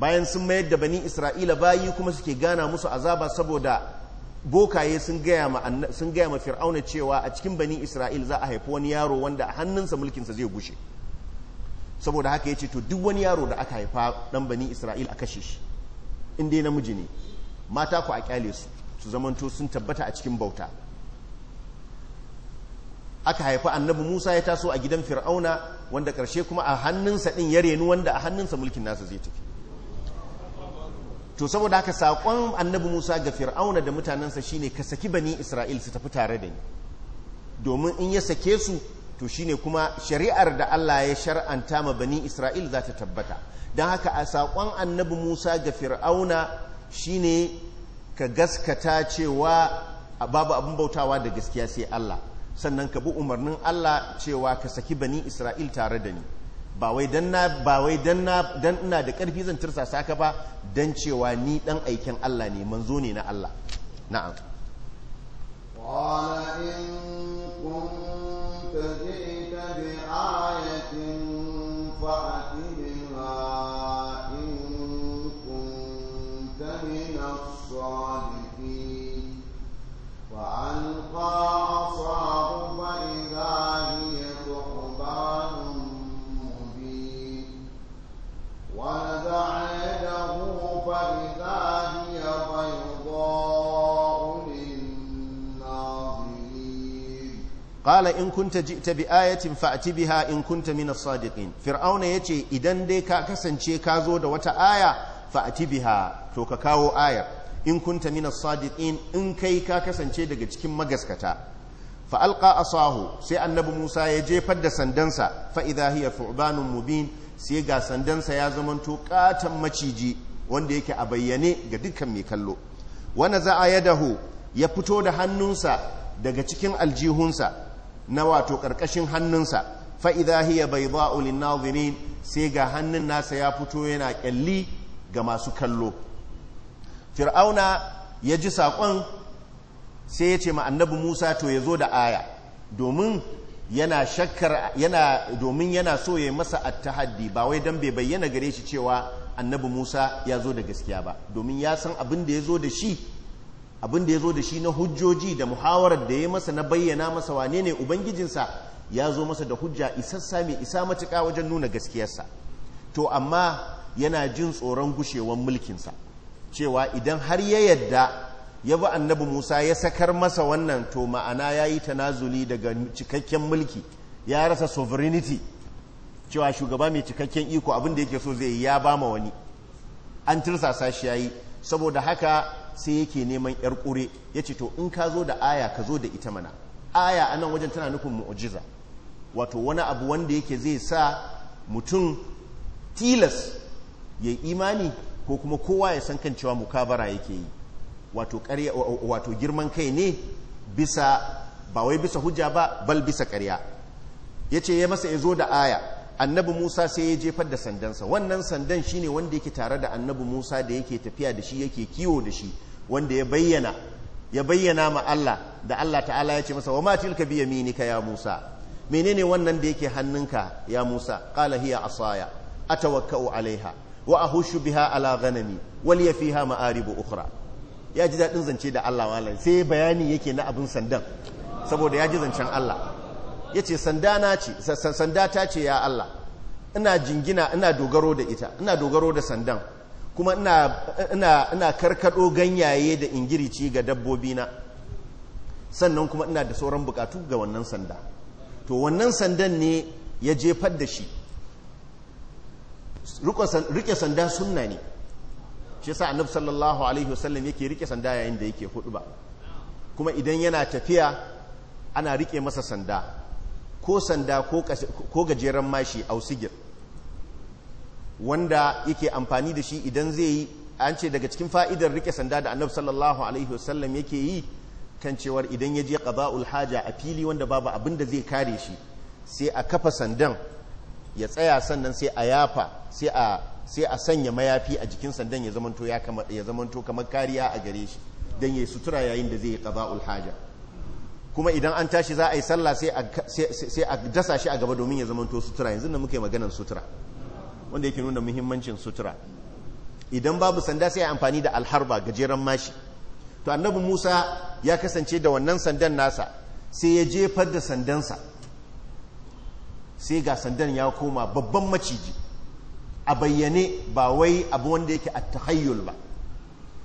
[SPEAKER 1] bayan sun mayar da bani isra'ila bayi kuma suke gana musu azaba saboda bokaye sun gaya ma fir'auna cewa a cikin bani isra'il za a haifi wani yaro wanda a hannunsa mulkinsa zai gushe saboda haka ya ce to duk wani yaro da aka haifa dan bani isra'il a kashe shi in dai namiji ne mata ku a kyale su su zamanto sun tabbata a cikin bauta aka haifa annabi Musa ya taso a gidan fir'auna wanda karshe kuma a hannunsa din ya reni wanda a hannunsa mulkin nasa zai tafi to saboda haka saƙon annabi musa ga fir'auna da mutanensa shine ka saki bani isra'il su tafi tare da ni domin in ya sake su to shine kuma shari'ar da allah ya shar'anta ma bani isra'il za ta tabbata don haka a saƙon annabi musa ga fir'auna shine ka gaskata cewa babu abin bautawa da gaskiya sai allah sannan ka bi umarnin allah cewa ka saki bani isra'il tare da ni ba wai dan na ba wai dan na dan ina da karfi zan tirsa saka ba dan cewa ni dan aikin Allah ne manzo ne na Allah na'am
[SPEAKER 2] qala in kunta ji'ta bi ayatin fa'ati
[SPEAKER 1] Kala in kunta ji'ta bi ayatin fa'ati biha in kunta min as-sadiqin fir'auna ce idan dai ka kasance ka zo da wata aya fa'ati biha to ka kawo ayar in kunta min as-sadiqin in kai ka kasance daga cikin magaskata fa alqa asahu sai annabi Musa ya jefar da sandansa fa idha hiya mubin sai ga sandansa ya zamanto katan maciji wanda yake a bayyane ga dukkan mai kallo wani za'a ya daho ya fito da hannunsa daga cikin aljihunsa na wato ƙarƙashin hannunsa fa'iza hiya bai za'ulin nazirin sai ga hannun nasa ya fito yana ƙyalli ga masu kallo fir'auna ya ji saƙon sai ya ce annabi musa to ya zo da aya domin yana shakkar yana domin yana so ya yi masa attahaddi ba wai don bai bayyana gare shi cewa annabi musa ya zo da gaskiya ba domin ya san abin da ya zo da shi abin da ya zo da shi na hujjoji da muhawarar da ya masa na bayyana masa wane ne ubangijinsa ya zo masa da hujja isassa mai isa matuƙa wajen nuna gaskiyarsa to amma yana jin tsoron gushewan mulkinsa cewa idan har ya yadda ya bi annabi musa ya sakar masa wannan to ma'ana ya yi tanazuli daga cikakken mulki ya rasa sovereignty cewa shugaba mai cikakken iko abin da yake so zai yi ya ba ma wani an tirsasa shi ya yi saboda haka sai yake neman yar kure yace to in ka zo da aya ka zo da ita mana aya a nan wajen tana nufin mu'ujiza wato wani abu wanda yake zai sa mutum tilas ya imani ko kuma kowa ya san kan cewa mukabara yake yi wato girman kai ne bisa ba wai bisa hujja ba bal bisa karya yace ya masa ya zo da aya annabi Musa sai ya jefar da sandansa wannan sandan shine wanda yake tare da annabi Musa da yake tafiya da shi yake kiwo da shi wanda ya bayyana ya bayyana ma Allah da Allah ta'ala ya ce masa wa ma tilka bi yaminika ya Musa menene wannan da yake hannunka ya Musa qala hiya asaya atawakkau alaiha wa ahushu biha ala ghanami wa li fiha ma'aribu ukhra ya ji dadin zance da Allah malam sai bayani yake na abin sandan saboda ya ji zancen Allah ya ce sanda ta ce ya Allah ina jingina ina dogaro da ita ina dogaro da sandan kuma ina karkado ganyaye da ingirici ga dabbobina sannan kuma ina da sauran bukatu ga wannan sanda to wannan sandan ne ya jefar da shi rike sanda sunna ne shi sa annabi sallallahu alaihi wasallam yake rike sanda yayin da yake hudu ba kuma idan yana tafiya ana rike masa sanda ko sanda ko gajeren mashi ausigir wanda yake amfani da shi idan zai yi an ce daga cikin fa'idar rike sanda da annabi sallallahu alaihi wasallam yake yi kan cewar idan ya je ƙaba’ul haja a fili wanda babu abin da zai kare shi sai a kafa sandan ya tsaya sannan sai a yafa sai a sanya mayafi a jikin sandan ya zamanto kamar kariya a gare shi dan yayi sutura yayin da zai yi ƙaba’ul haja kuma idan an tashi za a yi sallah sai a dasa shi a gaba domin ya zamanto sutura yanzu da muke maganar sutura wanda yake nuna muhimmancin sutura idan babu sanda sai amfani da alharba gajeren mashi to annabi musa ya kasance da wannan sandan nasa sai ya jefar da sandansa sai ga sandan ya koma babban maciji a bayyane ba wai abu wanda yake a tahayyul ba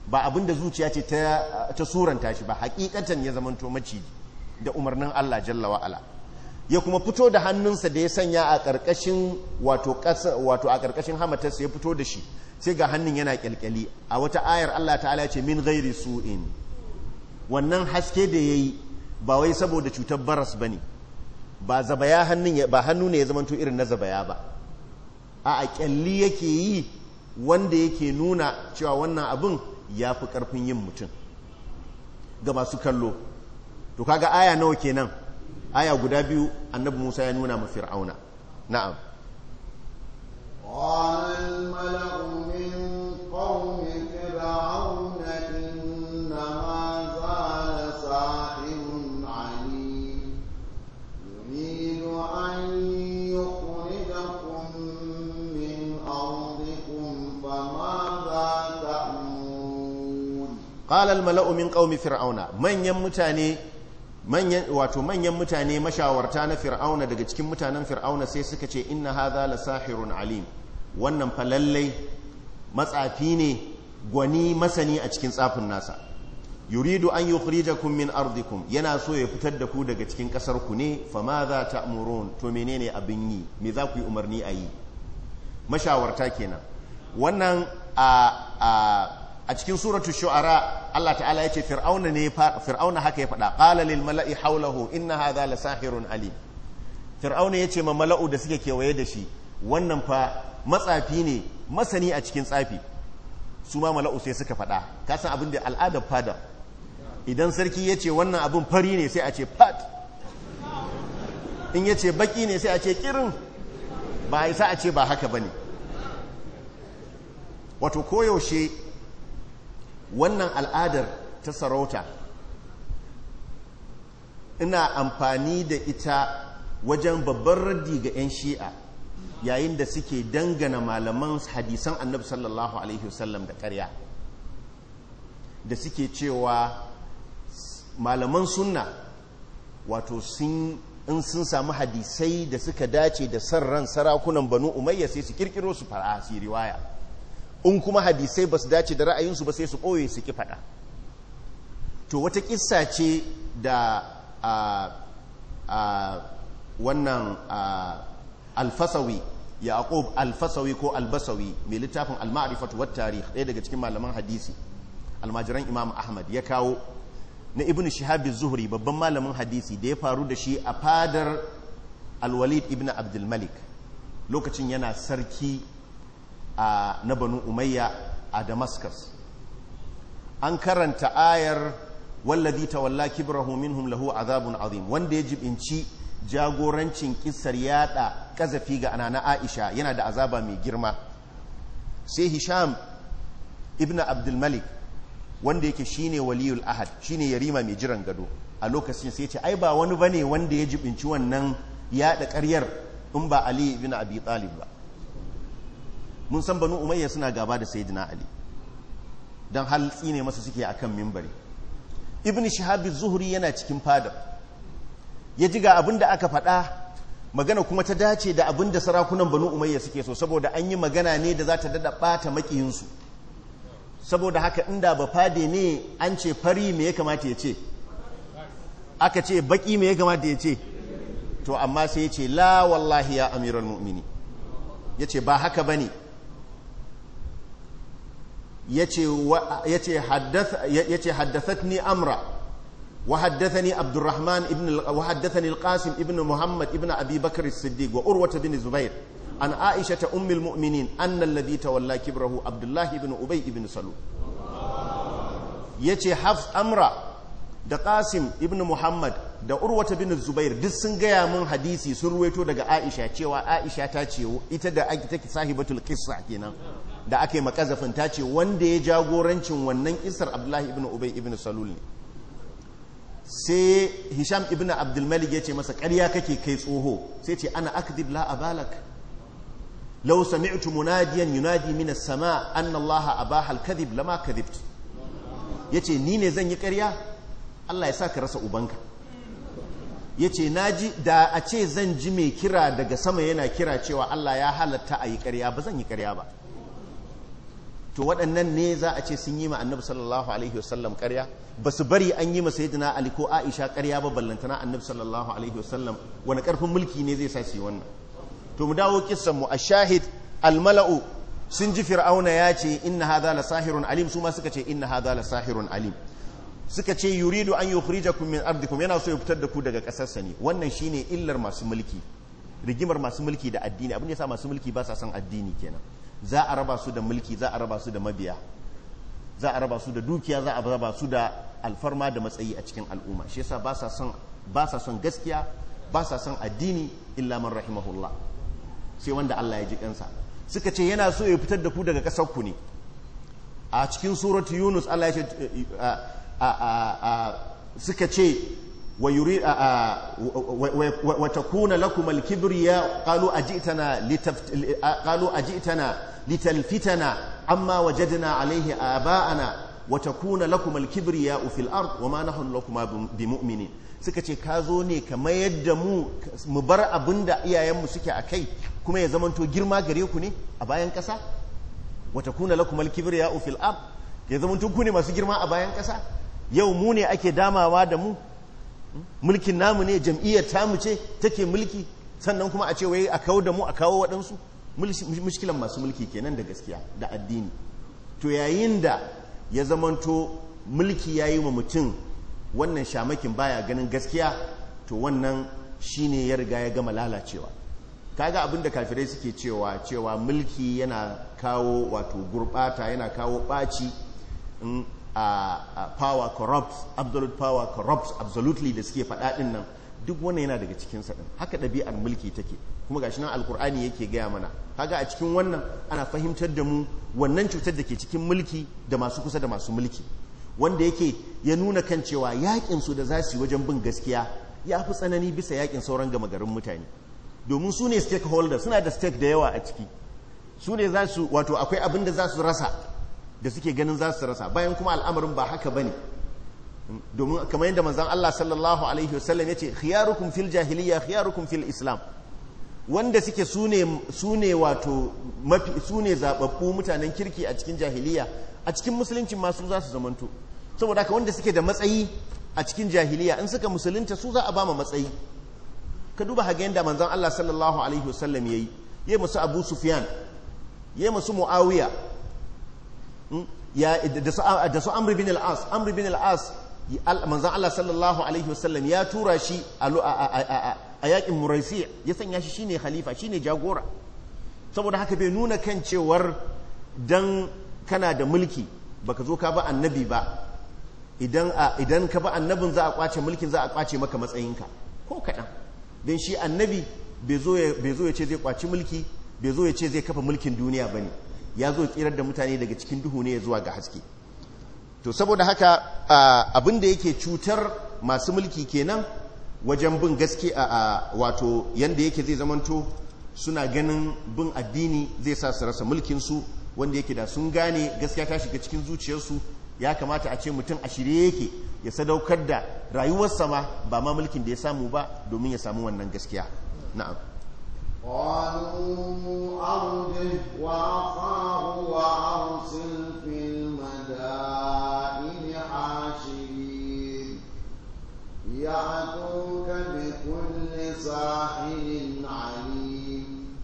[SPEAKER 1] ba abin da zuciya ce ta suranta shi ba hakikatan ya zamanto maciji da umarnin Allah jalla wa'ala ya kuma fito da hannunsa da ya sanya a ƙarƙashin wato wato a ƙarƙashin hamatarsa ya fito da shi sai ga hannun yana kyalkyali a wata ayar Allah ta'ala ce min ghairi su'in wannan haske da ya yi ba wai saboda cutar baras bane ba zabaya hannun ba hannu ne ya zamanto irin na zabaya ba a ƙyalli yake yi wanda yake nuna cewa wannan abin ya fi ƙarfin yin mutum ga masu kallo to ga aya nawa kenan aya guda biyu annabi Musa ya nuna ma fir'auna na'am
[SPEAKER 2] qala al-mala'u min qawmi fir'auna inna ma zala sahirun 'alim yuridu an yukhrijakum min ardikum famadha ta'mun
[SPEAKER 1] qala al-mala'u min qawmi fir'auna manyan mutane wato manyan mutane mashawarta na fir'auna daga cikin mutanen fir'auna sai suka ce inna hadha la sahirun alim wannan falallai matsafi ne gwani masani a cikin tsafin nasa yuridu an yukhrijakum min ardikum yana so ya fitar da ku daga cikin kasar ku ne fa ma za ta'murun to menene abin yi me za ku yi umarni a yi mashawarta kenan wannan a a cikin suratu shu'ara Allah ta'ala ya ce fir'auna ne fir'auna haka ya faɗa qala lil mala'i hawlahu inna hadha la sahirun alim fir'auna ya ce ma mala'u da suke kewaye da shi wannan fa matsafi ne masani a cikin tsafi su ma mala'u sai suka faɗa ka san abin da al'adar fada idan sarki ya ce wannan abin fari ne sai a ce fat in ya ce baki ne sai a ce kirin ba a yi sa a ce ba haka bane. wato koyaushe wannan al'adar ta sarauta ina amfani da ita wajen babban raddi ga 'yan shi'a yayin da suke dangana malaman hadisan annabi sallallahu alaihi wasallam da karya da suke cewa malaman sunna wato sun in sun samu hadisai da suka dace da san ran sarakunan banu umayya sai su kirkiro su fara riwaya in kuma hadisai ba su dace da ra'ayinsu ba sai su ɓoye su ki faɗa to wata ƙissa ce da wannan alfasawi yaqub alfasawi ko albasawi mai littafin almarifatu wata tarihi ɗaya daga cikin malaman hadisi almajiran imam ahmad ya kawo na ibn shihabi zuhri babban malamin hadisi da ya faru da shi a fadar alwalid ibn abdulmalik lokacin yana sarki na banu umayya a damascus an karanta ayar wallazi tawalla kibrahu minhum lahu azabun azim wanda ya jibinci jagorancin kissar yada kazafi ga anana aisha yana da azaba mai girma sai hisham ibn abdulmalik wanda yake shine waliyul ahad shine yarima mai jiran gado a lokacin sai ce ai ba wani bane wanda ya jibinci wannan yada ƙaryar in ba ali ibn abi talib ba mun san banu umayya suna gaba da sayyidina ali dan hal ne masa suke akan mimbari ibn az zuhri yana cikin fada ya ji ga abin da aka faɗa magana kuma ta dace da abinda sarakunan banu umayya suke so saboda an yi magana ne da za ta daɗa ɓata su saboda haka inda ba fade ne an ce fari me ya kamata ya ce aka ce baki me ya kamata ya ce to amma sai ya ce la wallahi ya amirul mu'mini ya ce ba haka bane. yace haddathatni amra wa haddathani abdurrahman ibn wa haddathani alqasim ibn muhammad ibn abi bakr as-siddiq wa urwata bin zubair an aisha ta ummul mu'minin anna alladhi tawalla kibrahu abdullah ibn ubay ibn salul yace hafs amra da qasim ibn muhammad da urwata bin zubair duk sun gaya mun hadisi sun ruwaito daga aisha cewa aisha ta ce ita da ake take sahibatul qissa kenan da aka yi makazafin ta ce wanda ya jagorancin wannan isar abdullahi ibn ubay ibn salul ne sai hisham ibn abdulmalik ya ce masa karya kake kai tsoho sai ce ana akdib la abalak law sami'tu munadiyan yunadi min as-sama an allaha abaha al-kadhib lama yace ni ne zan yi karya Allah ya sa ka rasa ubanka yace naji da a ce zan ji mai kira daga sama yana kira cewa Allah ya halatta a yi karya ba zan yi karya ba to waɗannan ne za a ce sun yi ma annabi sallallahu alaihi wasallam ƙarya ba su bari an yi ma sayyidina ali ko aisha ƙarya ba ballantana annabi sallallahu alaihi wasallam wani ƙarfin mulki ne zai sa su yi wannan to mu dawo kissan mu ashahid almala'u sun ji fir'auna ya ce inna hadha la sahirun alim su ma suka ce inna hadha la sahirun alim suka ce yuridu an yukhrijakum min ardikum yana so ya fitar da ku daga ƙasar Sani? wannan shine illar masu mulki rigimar masu mulki da addini abin da yasa masu mulki ba sa son addini kenan za a raba su da mulki za a raba su da mabiya za a raba su da dukiya za a raba su da alfarma da matsayi a cikin al'umma shi yasa ba sa son gaskiya ba sa son addini illa man rahimahullah sai wanda Allah ya ji kansa suka ce yana so ya fitar da ku daga kasar ku ne a cikin suratu Yunus Allah ya ce eh, eh, suka ce وتكون لكم الكبرياء قالوا أجئتنا, لتفت... قالوا أجئتنا لتلفتنا عما وجدنا عليه آباءنا وتكون لكم الكبرياء في الأرض وما نحن لكم بمؤمنين suka ce ka zo ne kamar yadda mu mu bar abin da iyayenmu suke a kai kuma ya zamanto girma gare ku ne a bayan ƙasa wata kuna lakum alkibriya fil ard ya zamanto ku ne masu girma a bayan ƙasa yau mu ne ake damawa da mu mulkin namu ne jam'iyyar tamu ce take mulki sannan kuma a ce wai a kawo da mu a kawo waɗansu mushkilan masu mulki kenan da gaskiya da addini to yayin da ya zamanto mulki ya yi wa mutum wannan shamakin baya ganin gaskiya to wannan shine ya riga ya gama lalacewa kaga abin da kafirai suke cewa cewa mulki yana kawo wato gurbata yana kawo ɓaci power corrupts absolute power corrupts absolutely da suke faɗa ɗin nan duk wannan yana daga cikin sa ɗin haka ɗabi'ar mulki take kuma gashi nan alkur'ani yake gaya mana kaga a cikin wannan ana fahimtar da mu wannan cutar da ke cikin mulki da masu kusa da masu mulki wanda yake ya nuna kan cewa yakin su da za su wajen bin gaskiya ya fi tsanani bisa yakin sauran gama garin mutane domin su ne stakeholder suna da stake da yawa a ciki su ne za su wato akwai abin da za su rasa da suke ganin za su rasa bayan kuma al'amarin ba haka ne domin kamar yadda manzon Allah sallallahu alaihi wasallam yace khiyarukum fil jahiliya khiyarukum fil islam wanda suke sune wato mafi sune zababbu mutanen kirki a cikin jahiliya a cikin musulunci ma su za su zamanto saboda haka wanda suke da matsayi a cikin jahiliya in suka musulunta su za a bama matsayi ka duba haga yadda manzon Allah sallallahu alaihi wasallam yayi ya musu Abu Sufyan ya musu Muawiya Hmm? da su amri bin al'as amri bin al'as manzan Allah sallallahu alaihi wasallam ya tura shi a yakin muraisi ya sanya shi shine khalifa shine jagora saboda haka bai nuna kan cewar dan kana da mulki baka zo ka ba annabi ba idan ka ba annabin za a kwace mulkin za a kwace maka matsayinka ko kaɗan don shi annabi bai zo ya ce zai kwaci mulki bai zo ya ce zai kafa mulkin duniya ba ne ya zo kirar da mutane daga cikin duhu ne zuwa ga haske to saboda haka abin da yake cutar masu mulki kenan wajen bin gaske a wato yanda yake zai zamanto suna ganin bin addini zai sa su rasa mulkinsu wanda yake da sun gane gaskiya ta shiga cikin zuciyarsu ya kamata a ce mutum a shirye yake ya sadaukar da rayuwar sama ba ma mulkin da ya samu ba domin ya samu wannan gaskiya na'am
[SPEAKER 2] قالوا وأخاه وأرسل في المدائن حاشرين بكل ساحر عليم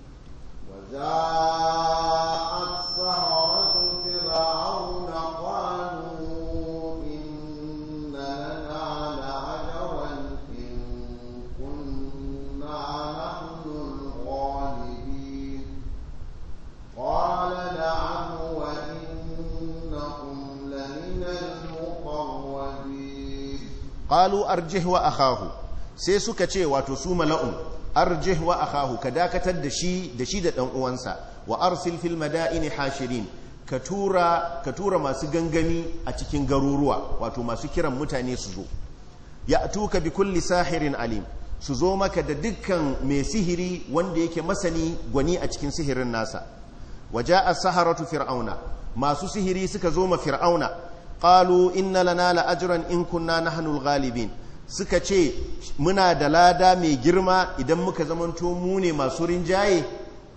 [SPEAKER 2] وجاء سهرة
[SPEAKER 1] qalu arjih wa akahu sai suka ce wato su mala'un arjih wa akahu ka dakatar da shi da shi da dan uwansa wa arsil fil madaini hashirin ka tura ka tura masu gangami a cikin garuruwa wato masu kiran mutane su zo ya'tuka bi kulli sahirin alim su zo maka da dukkan mai sihiri wanda yake masani gwani a cikin sihirin nasa waja a saharatu fir'auna masu sihiri suka zo ma fir'auna qalu inna lana la ajran in kunna nahnul ghalibin suka ce muna da lada mai girma idan muka zamanto mu ne masu rinjaye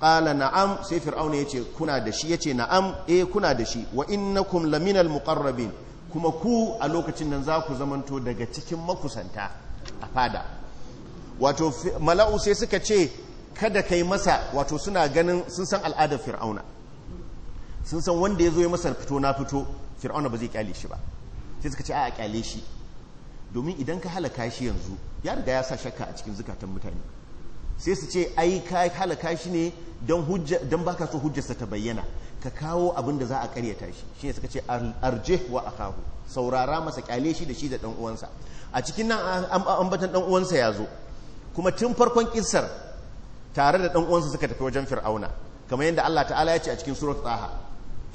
[SPEAKER 1] qala na'am sai fir'auna yace kuna da shi yace na'am eh kuna da shi wa innakum laminal muqarrabin kuma ku a lokacin nan za ku zamanto daga cikin makusanta a fada wato mala'u sai suka ce kada kai masa wato suna ganin sun san al'adar fir'auna sun san wanda ya zo ya masa fito na fito fir'auna ba zai kyale shi ba sai suka ce a kyale shi domin idan ka halaka shi yanzu ya riga ya sa shakka a cikin zukatan mutane sai su ce ai ka halaka shi ne don hujja don baka so sa ta bayyana ka kawo abin da za a karyata shi shi shine suka ce arje wa akahu saurara masa kyale shi da shi da dan uwansa a cikin nan ambatan dan uwansa ya zo kuma tun farkon kissar tare da dan uwansa suka tafi wajen fir'auna kamar yadda Allah ta'ala ya ce a cikin surat taha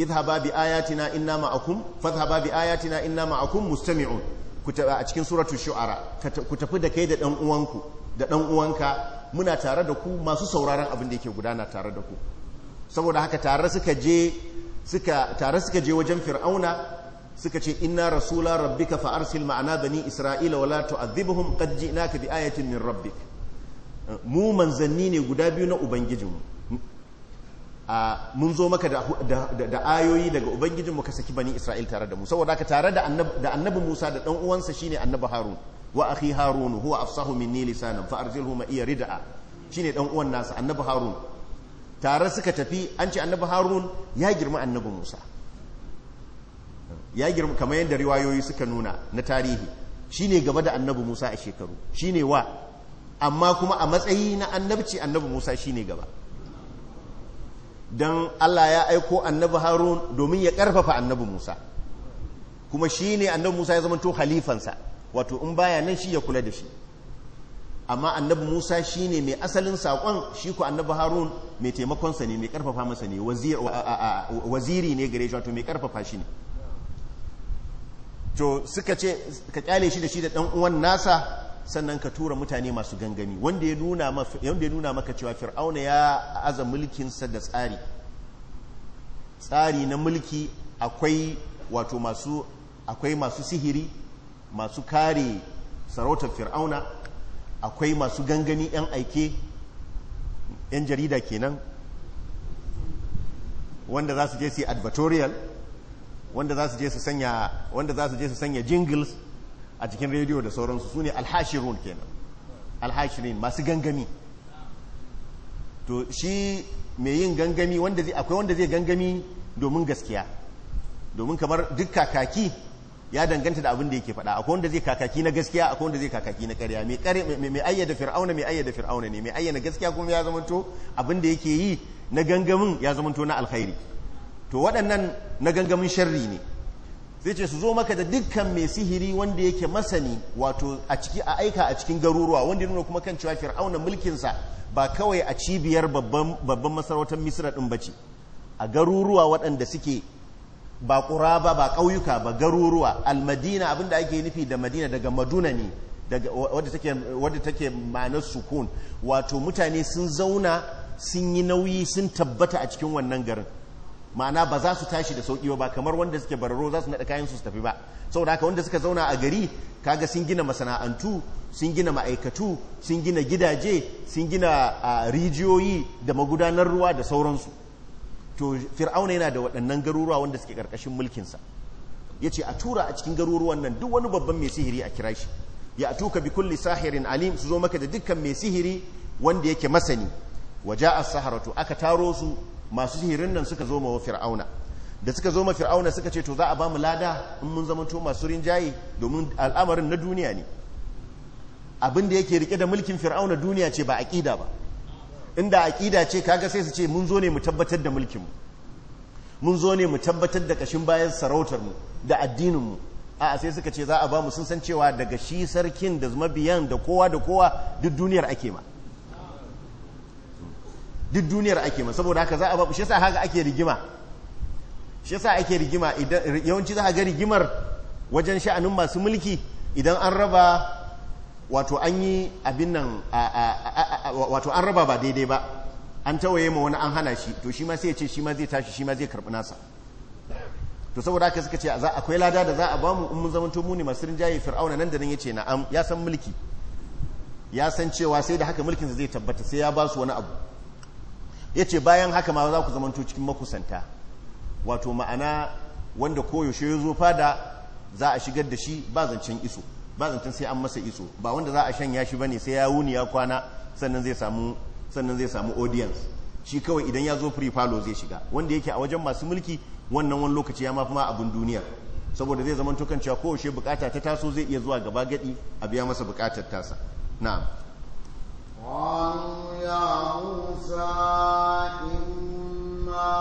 [SPEAKER 1] idhaba bi ayatina inna ma'akum fadhhaba bi ayatina inna ma'akum mustami'un a cikin suratu shu'ara ku tafi da kai da dan uwanku da dan uwanka muna tare da ku masu sauraron abin da yake gudana tare da ku saboda haka tare suka je suka tare suka je wajen fir'auna suka ce inna rasula rabbika fa arsil ma'ana bani isra'ila wala tu'adhibhum qad ji'naka bi ayatin min rabbik mu manzanni ne guda biyu na ubangijinmu mun zo maka da ayoyi daga ubangijin muka saki bani isra'il tare da mu saboda ka tare da annabi musa da dan uwansa shine annabi harun wa akhi harun huwa afsahu minni lisanan fa arzilhu ma iya rid'a shine dan uwan nasa annabi harun tare suka tafi an ce annabi harun ya girma annabi musa ya girma kamar yadda riwayoyi suka nuna na tarihi shine gaba da annabi musa a shekaru shine wa amma kuma a matsayi na annabci annabi musa shine gaba don Allah ya aiko annabi harun domin ya karfafa annabi musa kuma shi ne annabi musa ya zamanto halifansa wato in baya nan shi ya kula da shi amma annabi musa shi ne mai asalin saƙon shi ku annabi harun mai taimakonsa ne mai karfafa masa ne waziri ne gare shi wato mai karfafa shi ne to suka ce ka kyale shi da shi da ɗan uwan nasa sannan ka tura mutane masu gangami wanda ya nuna maka cewa fir'auna ya aza mulkinsa da tsari tsari na mulki akwai wato masu akwai masu sihiri masu kare sarautar fir'auna akwai masu gangami 'yan aike 'yan jarida kenan wanda za su je su yi advertorial wanda za su je su sanya jingles a cikin rediyo da sauransu su ne alhashirun kenan alhashirin masu gangami to shi mai yin gangami akwai wanda zai gangami domin gaskiya domin kamar duk kakaki ya danganta da abin da yake fada akwai wanda zai kakaki na gaskiya akwai wanda zai kakaki na ƙarya mai mai ayyada fir'auna mai ayyada fir'auna ne mai ayyana gaskiya kuma ya zamanto abin da yake yi na gangamin ya zamanto na alkhairi to waɗannan na gangamin sharri ne zai ce su zo maka da dukkan mai sihiri wanda yake masani wato a ciki a aika a cikin garuruwa wanda nuna kuma kan cewa fir'auna mulkinsa ba kawai a cibiyar babban masarautar misira ɗin bace a garuruwa waɗanda suke ba ƙura ba ba ƙauyuka ba garuruwa almadina abinda ake nufi da madina daga maduna ne wadda take ma'anar sukun wato mutane sun zauna sun yi nauyi sun tabbata a cikin wannan garin ma'ana ba za su tashi da sauki ba kamar wanda suke bararo za su naɗa kayan su tafi ba saboda haka wanda suka zauna a gari kaga sun gina masana'antu sun gina ma'aikatu sun gina gidaje sun gina rijiyoyi da magudanar ruwa da sauransu to fir'auna yana da waɗannan garuruwa wanda suke ƙarƙashin mulkinsa ya ce a tura a cikin garuruwan nan duk wani babban mai sihiri a kira shi ya tuka bi kulli sahirin alim su zo maka da dukkan mai sihiri wanda yake masani waja'a as-saharatu aka taro su masu sihirin nan suka zo ma fir'auna da suka zo ma fir'auna suka ce to za a ba mu lada in mun zama to masu rinjaye domin al'amarin na duniya ne abin da yake rike da mulkin fir'auna duniya ce ba aqida ba inda aqida ce kaga sai su ce mun zo ne mu tabbatar da mulkin mu mun zo ne mu tabbatar da kashin bayan sarautar mu da addinin mu a'a sai suka ce za a ba mu sun san cewa daga shi sarkin da mabiyan da kowa da kowa duk duniyar ake ma duk duniyar ake ma saboda haka za a babu shi yasa haka ake rigima shi yasa ake rigima idan yawanci za a ga rigimar wajen sha'anin masu mulki idan an raba wato an yi abin nan wato an raba ba daidai ba an tawaye ma wani an hana shi to shi ma sai ya ce shi ma zai tashi shi ma zai karɓi nasa to saboda haka suka ce za akwai lada da za a bamu in mun zamanto mu ne masu rinjaye fir'auna nan da nan yace na'am ya san mulki ya san cewa sai da haka mulkin sa zai tabbata sai ya ba su wani abu ya ce bayan haka ma za ku zamanto cikin makusanta wato ma'ana wanda koyaushe ya zo fada za a shigar da shi ba zancen iso ba zancen sai an masa iso ba wanda za a shanya shi ba ne sai ya wuni ya kwana sannan zai samu sannan audience shi kawai idan ya zo free palo zai shiga wanda yake a wajen masu mulki wannan wani lokaci ya mafi ma abin duniya saboda zai zama kan cewa kowace bukata ta taso zai iya zuwa gaba gadi a biya masa bukatar tasa na'am Ya Musa, inna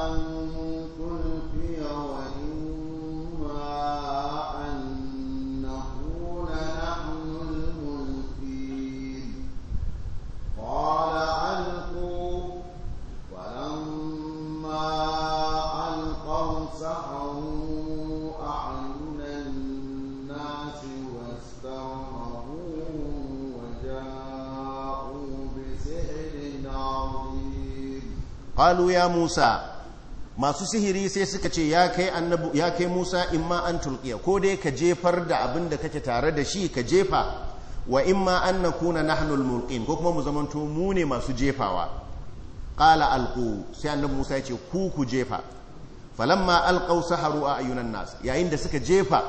[SPEAKER 2] anu
[SPEAKER 1] qalu ya musa masu sihiri sai suka ce ya kai annabu ya kai musa imma an tulqiya ko dai ka jefar da abin da kake tare da shi ka jefa wa imma an nakuna nahnu almulqin ko kuma mu zamanto mu ne masu jefawa qala alqu sai annabi musa ya ce ku ku jefa falamma alqaw saharu a ayunan nas yayin da suka jefa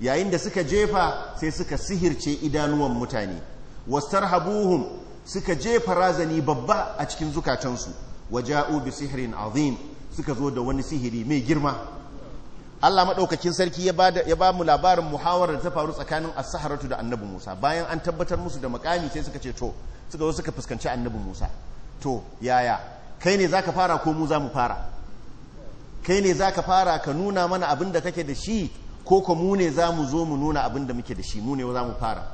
[SPEAKER 1] yayin da suka jefa sai suka sihirce idanuwan mutane wastarhabuhum suka jefa razani babba a cikin zukatansu waja'u bi sihirin azim suka zo da wani sihiri mai girma Allah maɗaukakin sarki ya ba mu labarin muhawarar da ta faru tsakanin as da annabi Musa bayan an tabbatar musu da makami sai suka ce to suka zo suka fuskanci annabi Musa to yaya kai ne za ka fara ko mu za mu fara kai ne za ka fara ka nuna mana abin da kake da shi ko ko mu ne za mu zo mu nuna abin da muke da shi mu ne za mu fara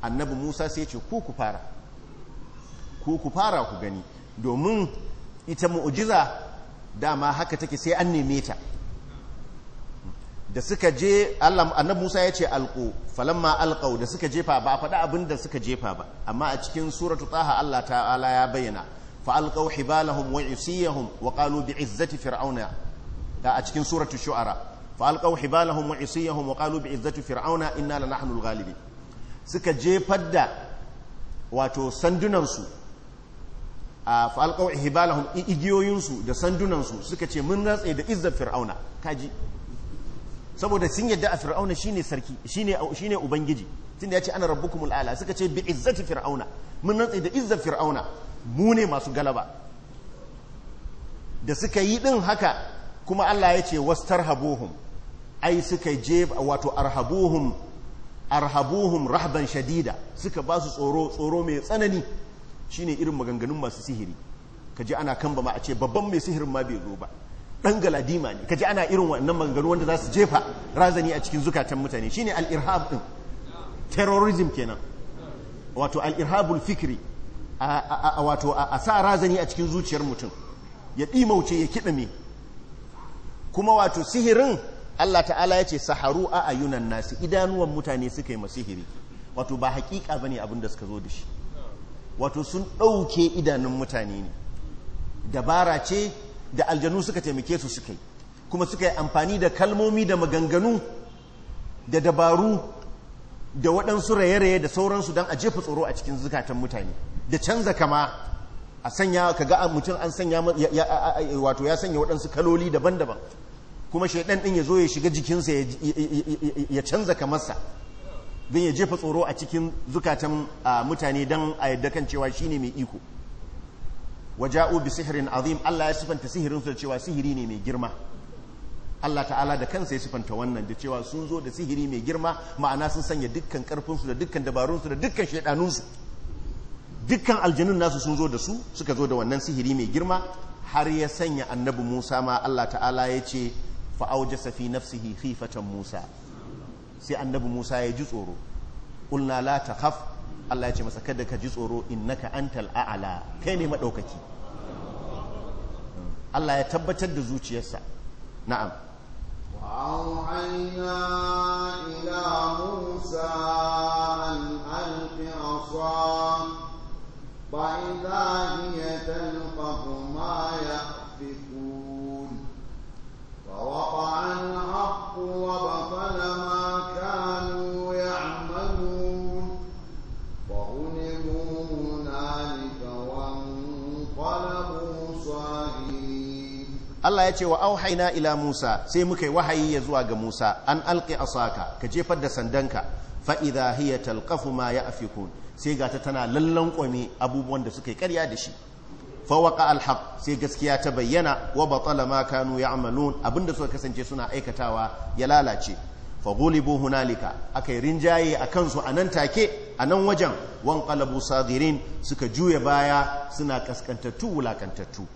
[SPEAKER 1] annabi Musa sai ya ce ku ku fara ko ku fara ku gani domin ita mu'jiza dama haka take sai an neme ta da suka je Allah annabi Musa ya ce alqu falamma alqau da suka jefa ba a faɗa abin da suka jefa ba amma a cikin suratu taha Allah ta'ala ya bayyana fa alqau hibalahum wa isiyahum wa qalu bi'izzati fir'auna da a cikin suratu shu'ara fa alqau hibalahum wa isiyahum wa qalu bi'izzati fir'auna inna lanahnu alghalibin suka jefar da wato sandunansu a falqaw hibalahum igiyoyinsu da sandunansu suka ce mun ratse da izzar fir'auna kaji saboda sun yadda a fir'auna shine sarki shine shine ubangiji ya yace ana rabbukumul ala suka ce bi izzati fir'auna mun ratse da izzar fir'auna mu ne masu galaba da suka yi din haka kuma Allah ya ce wastarhabuhum ai suka je wato arhabuhum arhabuhum rahban shadida suka ba su tsoro tsoro mai tsanani shine irin maganganun masu sihiri ka ji ana kan ba ma a ce babban mai sihirin ma bai zo ba dan galadima ne kaji ana irin wannan maganganu wanda za su jefa razani a cikin zukatan mutane shine al-irhab din terrorism kenan wato al-irhabul fikri wato a sa razani a cikin zuciyar mutum ya dimauce ya kidame kuma wato sihirin Allah ta'ala ya ce saharu a ayunan nasi idanuwan mutane suka yi masihiri wato ba hakika bane abin da suka zo da shi wato sun ɗauke idanun mutane ne dabara ce da aljanu suka taimake su suka yi kuma suka yi amfani da kalmomi da maganganu da dabaru da waɗansu raye-raye da sauransu don a jefa tsoro a cikin zukatan mutane da canza kama a sanya ka ga mutum an sanya wato ya sanya waɗansu kaloli daban-daban kuma shaidan ɗin ya zo ya shiga jikinsa ya canza kamarsa don ya jefa tsoro a cikin zukatan mutane don a yadda kan cewa shine mai iko waja'u bi sihirin azim Allah ya sifanta sihirin su da cewa sihiri ne mai girma Allah ta'ala da kansa ya sifanta wannan da cewa sun zo da sihiri mai girma ma'ana sun sanya dukkan karfinsu da dukkan dabarunsu da dukkan shaidanunsu dukkan aljanun nasu sun zo da su suka zo da wannan sihiri mai girma har ya sanya annabi Musa ma Allah ta'ala ya ce fa'aujasa fi nafsihi khifatan Musa sai annabi Musa ya ji tsoro qulna la haf Allah ya ce masa kada ka ji tsoro innaka antal a'la kai ne maɗaukaki Allah ya tabbatar da zuciyarsa na'am
[SPEAKER 2] وأوحينا إلى موسى أن ألق عصاك فإذا هي تلقف ما يأكل فوقع
[SPEAKER 1] Allah ya ce wa auhaina ila Musa sai muka yi wahayi ya zuwa ga Musa an alƙi asaka ka jefar da sandanka fa’iza hiya talƙafu ma ya afikun sai gata tana lallan ƙwami abubuwan da suka yi ƙarya da shi. fawaka alhaq sai gaskiya ta bayyana wa batala ma kanu ya'malun abinda suka kasance suna aikatawa ya lalace fa ghulibu hunalika akai rinjaye akan su anan take anan wajen wan qalabu sadirin suka juya baya suna kaskantattu wulakantattu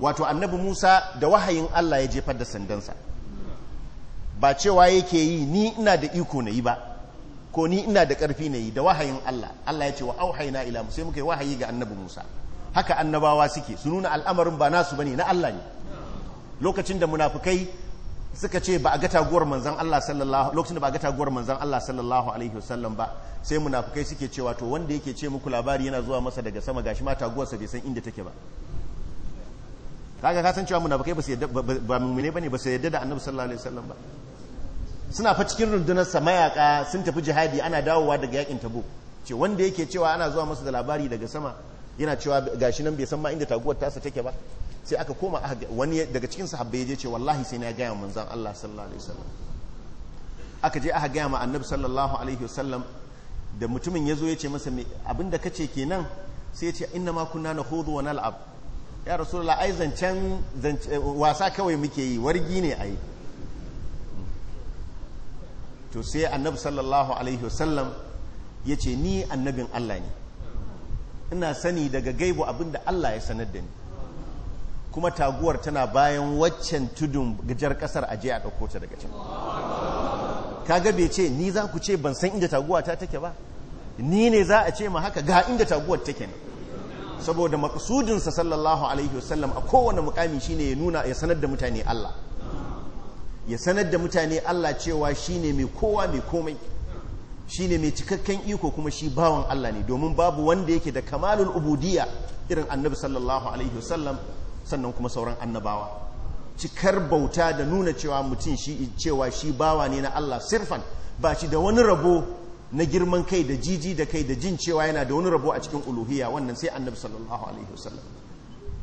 [SPEAKER 1] wato annabi Musa da wahayin Allah ya jefar da sandansa ba cewa yake yi ni ina da iko na yi ba ko ni ina da ƙarfi na yi da wahayin Allah Allah ya ce wa auhaina ila musa muka yi wahayi ga annabi Musa haka annabawa suke su nuna al'amarin ba nasu bane na Allah ne lokacin da munafukai suka ce ba a ga taguwar manzan Allah sallallahu lokacin da ba a ga taguwar manzan Allah sallallahu alaihi wasallam ba sai munafukai suke cewa to wanda yake ce muku labari yana zuwa masa daga sama gashi ma taguwarsa bai san inda take ba kaga ka san cewa munafukai ba su yadda ba mu'mine bane ba su yadda da annabi sallallahu alaihi wasallam ba suna fa cikin rundunar sa mayaka sun tafi jihadi ana dawowa daga yakin tabu ce wanda yake cewa ana zuwa masa da labari daga sama yana cewa gashi nan bai san ma inda taguwar tasa take ba sai aka koma wani daga cikin sahabbai ya je ce wallahi sai na gaya manzan Allah sallallahu alaihi wasallam aka je aka gaya ma annabi sallallahu alaihi wasallam da mutumin ya zo ya ce masa abinda ka ce kenan sai ya ce inna ma kunna nahudu wa nal'ab ya rasulullah ai zancen wasa kawai muke yi wargi ne ai to sai annabi sallallahu alaihi wasallam ya ce ni annabin Allah ne ina sani daga gaibu abinda Allah ya sanar da ni kuma taguwar tana bayan waccan tudun gajar kasar aje a ɗauko ta daga can ka bai ce ni za ku ce ban san inda taguwa ta take ba ni ne za a ce ma haka ga inda taguwar take ne saboda maksudinsa sallallahu alaihi wasallam a kowane mukami shine ya nuna ya sanar da mutane Allah ya sanar da mutane Allah cewa shine mai kowa mai komai Shi ne mai cikakken iko kuma shi bawan Allah ne domin babu wanda yake da kamalul ubudiya irin annabi sallallahu alaihi wasallam sannan kuma sauran annabawa cikar bauta da nuna cewa mutum shi cewa shi bawa ne na Allah sirfan ba shi da wani rabo na girman kai da jiji da kai da jin cewa yana da wani rabo a cikin uluhiya wannan sai annabi sallallahu alaihi wasallam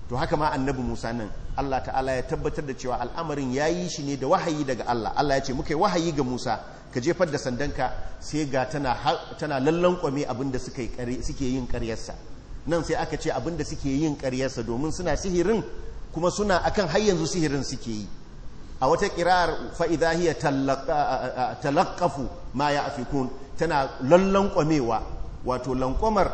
[SPEAKER 1] to haka ma annabi Musa nan Allah ta'ala ya tabbatar da cewa al'amarin yayi shi ne da wahayi daga Allah Allah ya ce muka yi wahayi ga Musa ka jefar da sandanka sai ga tana lallon kwame abinda suke yin karyarsa nan sai aka ce abinda suke yin karyarsa domin suna sihirin kuma suna akan har yanzu sihirin suke yi a wata kirar fa idha hiya talaqqafu ma tana lallon kwamewa wato lankwamar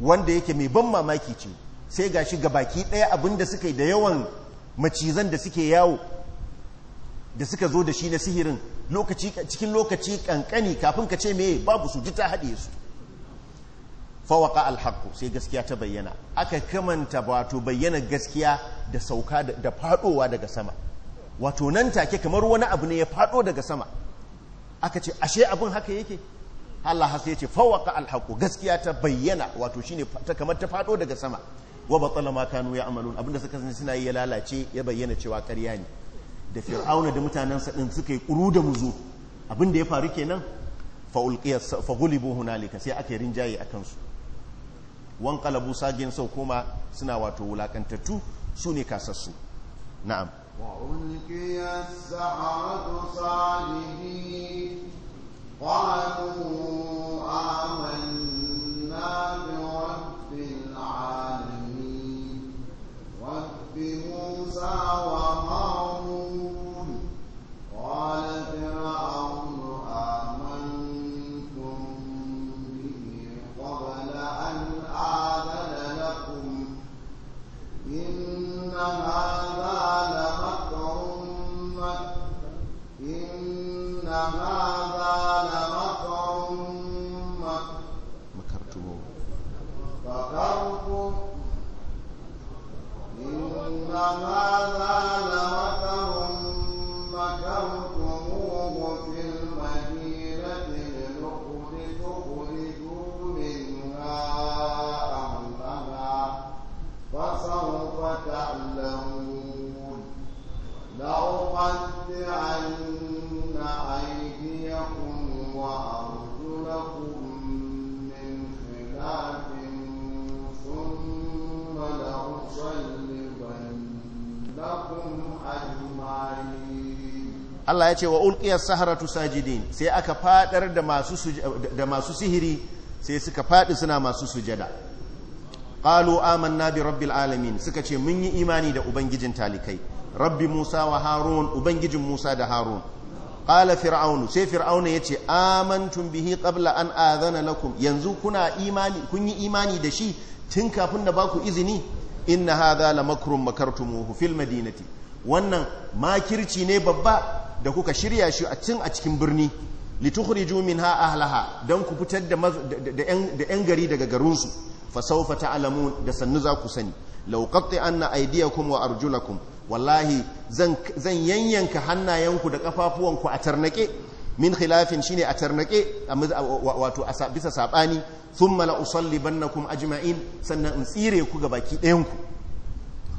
[SPEAKER 1] wanda yake mai ban mamaki ce sai ga gashi baki ɗaya abinda suka yi da yawan macizan da suke yawo da suka zo da shi na sihirin cikin lokaci kankani kafin ka ce meye babu su ji ta haɗe su fawaka alhaku sai gaskiya ta bayyana aka kamanta wato bayyana gaskiya da sauka da fadowa daga sama wato nan take kamar wani abu ne ya fado daga sama aka ce ashe abin haka yake Allah hasa ya ce fawaka alhaku gaskiya ta bayyana wato shine ta kamar ta fado daga sama wa batala ma kanu ya amalun abinda suka sani suna yi ya lalace ya bayyana cewa ƙarya ne da fir'auna da mutanensa din suka yi ƙuru da muzu abin da ya faru kenan nan ulqiya hunalika sai aka yi rinjaye a kansu wan kalabu sagin sau koma suna wato wulakantattu su ne kasassu na'am
[SPEAKER 2] wa ulqiya
[SPEAKER 1] Allah ya ce wa ulqiyas saharatu sajidin sai aka fadar da masu sihiri sai suka fadi suna masu sujada qalu amanna bi rabbil alamin suka ce mun yi imani da ubangijin talikai rabbi musa wa harun ubangijin musa da harun Ƙala fir'aunu sai fir'aunu yace amantum bihi qabla an azana lakum yanzu kuna imani kun yi imani da shi tun kafin da baku izini inna hadha lamakrun makartumuhu fil madinati wannan makirci ne babba da kuka shirya shi a cin a cikin birni litukhriju minha ahlaha dan ku fitar da da yan gari daga garinsu fa sawfa ta'lamun da sannu za ku sani law qat'anna aydiyakum wa arjulakum wallahi zan zan yanyanka hannayenku da kafafuwanku a tarnake min khilafin shine a tarnake wato a bisa sabani thumma la usallibannakum ajma'in sannan in tsire ku gabaki ɗayanku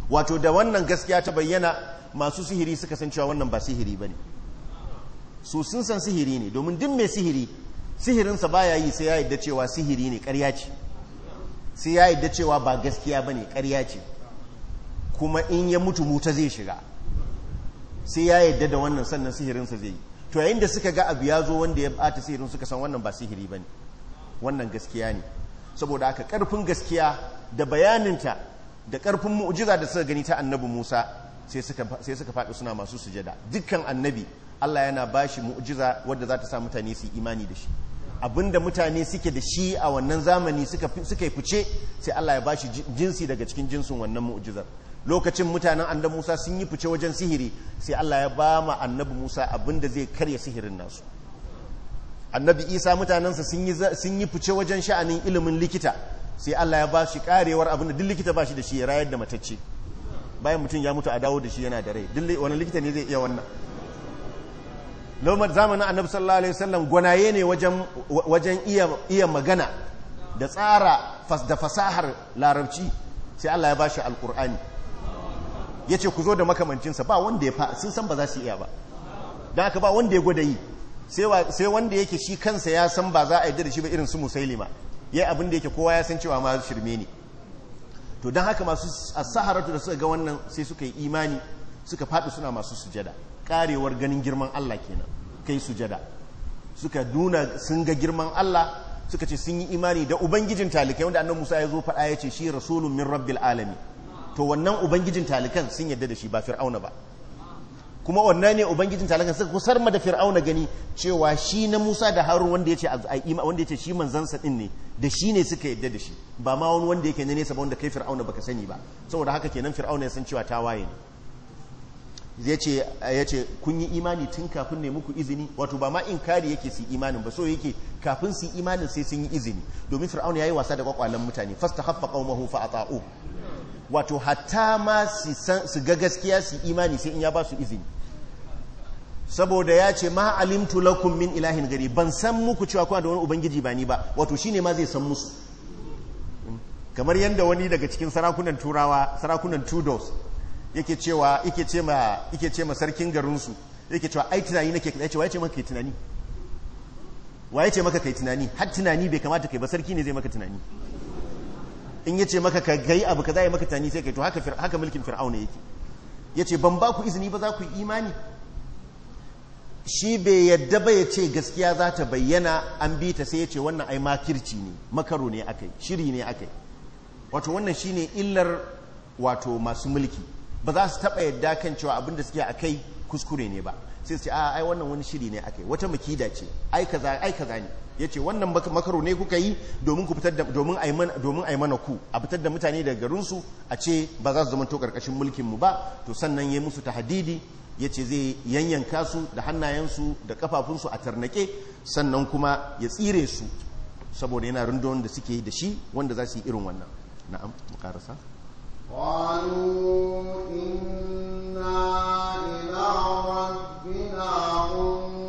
[SPEAKER 1] wato da wannan gaskiya ta bayyana masu sihiri suka san cewa wannan ba sihiri ne. su sun san sihiri ne domin duk mai sihiri sihirinsa baya yi sai ya yadda cewa sihiri ne ƙarya ce sai ya yadda cewa ba gaskiya ba ne ƙarya ce kuma in ya mutu muta zai shiga sai ya yadda da wannan sannan sihirinsa zai yi to yayin da suka ga abu ya zo wanda ya bata sihirin suka san wannan ba sihiri ba ne wannan gaskiya ne saboda haka ƙarfin gaskiya da bayaninta da ƙarfin mu'jiza da suka gani ta annabi musa sai suka faɗi suna masu sujada dukkan annabi Allah yana ba shi mu'jiza wadda za ta sa mutane su imani da shi abinda mutane suke da shi a wannan zamani suka yi fice sai Allah ya ba shi jinsi daga cikin jinsin wannan mu'jizar lokacin mutanen annabi Musa sun yi fice wajen sihiri sai Allah ya ba ma annabi Musa abinda zai karya sihirin nasu annabi Isa mutanensa sun yi fice wajen sha'anin ilimin likita sai Allah ya ba shi karewar abinda duk likita ba shi da shi ya rayar da matacce bayan mutum ya mutu a dawo da shi yana da rai wani likita ne zai iya wannan lomar zamanin annabi sallallahu alaihi wasallam gwanaye ne wajen iya magana da tsara da fasahar larabci sai Allah ya bashi alkur'ani yace ku zo da makamancinsa ba wanda ya fa sun san ba za su iya ba dan haka ba wanda ya gwada yi sai wanda yake shi kansa ya san ba za a yi da shi ba irin su musailima yayi abin da yake kowa ya san cewa ma shirme ne to don haka masu saharatu da suka ga wannan sai suka yi imani suka fadi suna masu sujada karewar ganin girman Allah kenan kai sujada suka duna sun ga girman Allah suka ce sun yi imani da ubangijin talikai wanda annabi Musa ya zo faɗa ya ce shi rasulun min rabbil alamin to wannan ubangijin talikan sun yadda da shi ba fir'auna ba kuma wannan ne ubangijin talikan suka kusar ma da fir'auna gani cewa shi na Musa da Harun wanda yace ima wanda yace shi manzansa din ne da shi ne suka yadda da shi ba ma wani wanda yake na ne ba kai fir'auna baka sani ba saboda haka kenan fir'auna ya san cewa ta waye ne yace kun yi imani tun kafin ne muku izini wato ba ma in inkari yake su imanin ba so yake kafin su imanin sai sun yi izini domin fir'auna yayi wasa da kwakwalen mutane fastahaffa qaumahu fa ata'u wato hatta ma su ga gaskiya su imani sai in ya ba su izini saboda ya ce ma alimtu lakum min ilahin gari ban san muku cewa kuna da wani ubangiji ba ni ba wato shine ma zai san musu kamar yadda wani daga cikin sarakunan turawa sarakunan tudors yake cewa yake ce ma ce ma sarkin garinsu yake cewa ai tunani nake kai cewa ce maka kai tunani waye ce maka kai tunani har tunani bai kamata kai ba sarki ne zai maka tunani in yace maka ka gai abu kaza ya maka tunani sai kai to haka haka mulkin fir'auna yake yace ban ba ku izini ba za ku yi imani shi bai yadda ba ya ce gaskiya za ta bayyana an bi ta sai ya ce wannan ai makirci ne makaro ne akai shiri ne akai wato wannan shine illar wato masu mulki ba za su taba yadda kan cewa abin da suke a kai kuskure ne ba sai su ce a ai wannan wani shiri ne akai wata makida ce ai kaza ai kaza ne wannan makaro ne kuka yi domin ku fitar da domin mana ku a fitar da mutane daga garin su a ce ba za su zama to karkashin mulkin ba to sannan yayi musu tahdidi yace zai yanyanka su da hannayensu da kafafunsu a tarnake sannan kuma ya tsire su saboda yana rundon da suke da shi wanda za su yi irin wannan na'am mukarasa
[SPEAKER 2] قالوا إنا إلى ربنا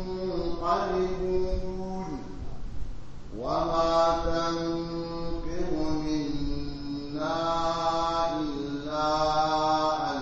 [SPEAKER 2] منقلبون وما تنقم منا إلا أن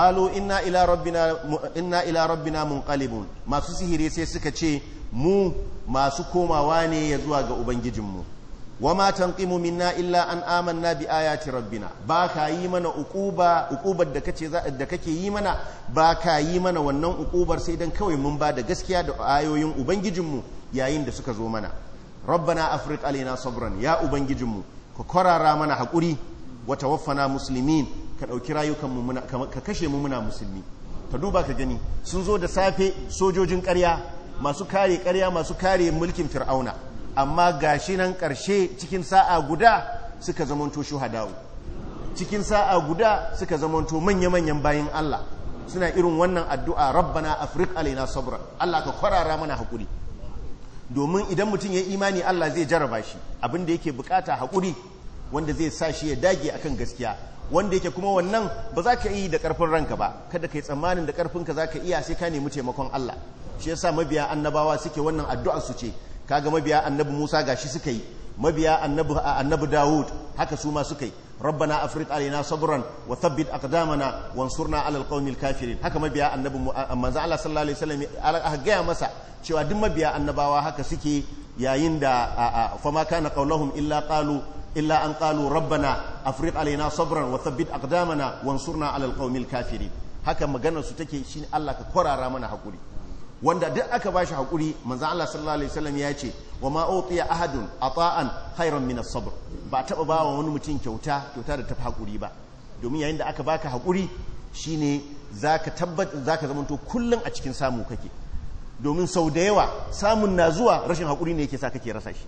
[SPEAKER 1] qalu inna ila rabbina mun ila masu sihiri sai suka ce mu masu komawa ne ya zuwa ga ubangijinmu wa ma tanqimu minna illa an amanna bi ayati rabbina ba ka yi mana ukubar da kake yi mana ba ka yi mana wannan ukubar sai dan kawai mun ba da gaskiya da ayoyin ubangijinmu yayin da suka zo mana rabbana afirka alaina sabran ya ubangijinmu ka kwarara mana hakuri wa tawaffana musulmi ka ɗauki rayukanmu ka kashe mu muna musulmi ta duba ka gani sun zo da safe sojojin karya masu kare karya masu kare mulkin fir'auna amma gashi nan ƙarshe cikin sa'a guda suka zamanto shuhadawu cikin sa'a guda suka zamanto manya-manyan bayan Allah suna irin wannan addu'a rabbana afrik alaina sabra Allah ka kwarara mana haƙuri domin idan mutum ya imani Allah zai jarraba shi abin da yake bukata haƙuri wanda zai sa shi ya dage akan gaskiya wanda yake kuma wannan ba za ka yi da karfin ranka ba kada ka yi tsammanin da ƙarfinka za ka iya sai ka nemi taimakon Allah shi yasa mabiya annabawa suke wannan addu'ar su ce kaga mabiya annabi Musa gashi suka yi mabiya annabi annabi Dawud haka su ma suka yi rabbana afriq alaina sabran wa thabbit aqdamana wansurna ala alqawmil kafirin haka mabiya annabi manzo Allah sallallahu alaihi wasallam aka gaya masa cewa duk mabiya annabawa haka suke yayin da fama kana qaulahum illa qalu illa an qalu rabbana afriq alaina sabran wa thabbit aqdamana wansurna alal alqawmil kafirin haka maganar su take shi Allah ka kwarara mana hakuri wanda duk aka bashi hakuri manzo Allah sallallahu alaihi wasallam ya ce wa ma utiya ahadun ata'an khairan min as-sabr ba taba ba wa wani mutum kyauta kyauta da tafi hakuri ba domin yayin da aka baka hakuri shine zaka tabbata zaka zamanto kullun a cikin samu kake domin sau da yawa samun na zuwa rashin hakuri ne yake sa kake rasa shi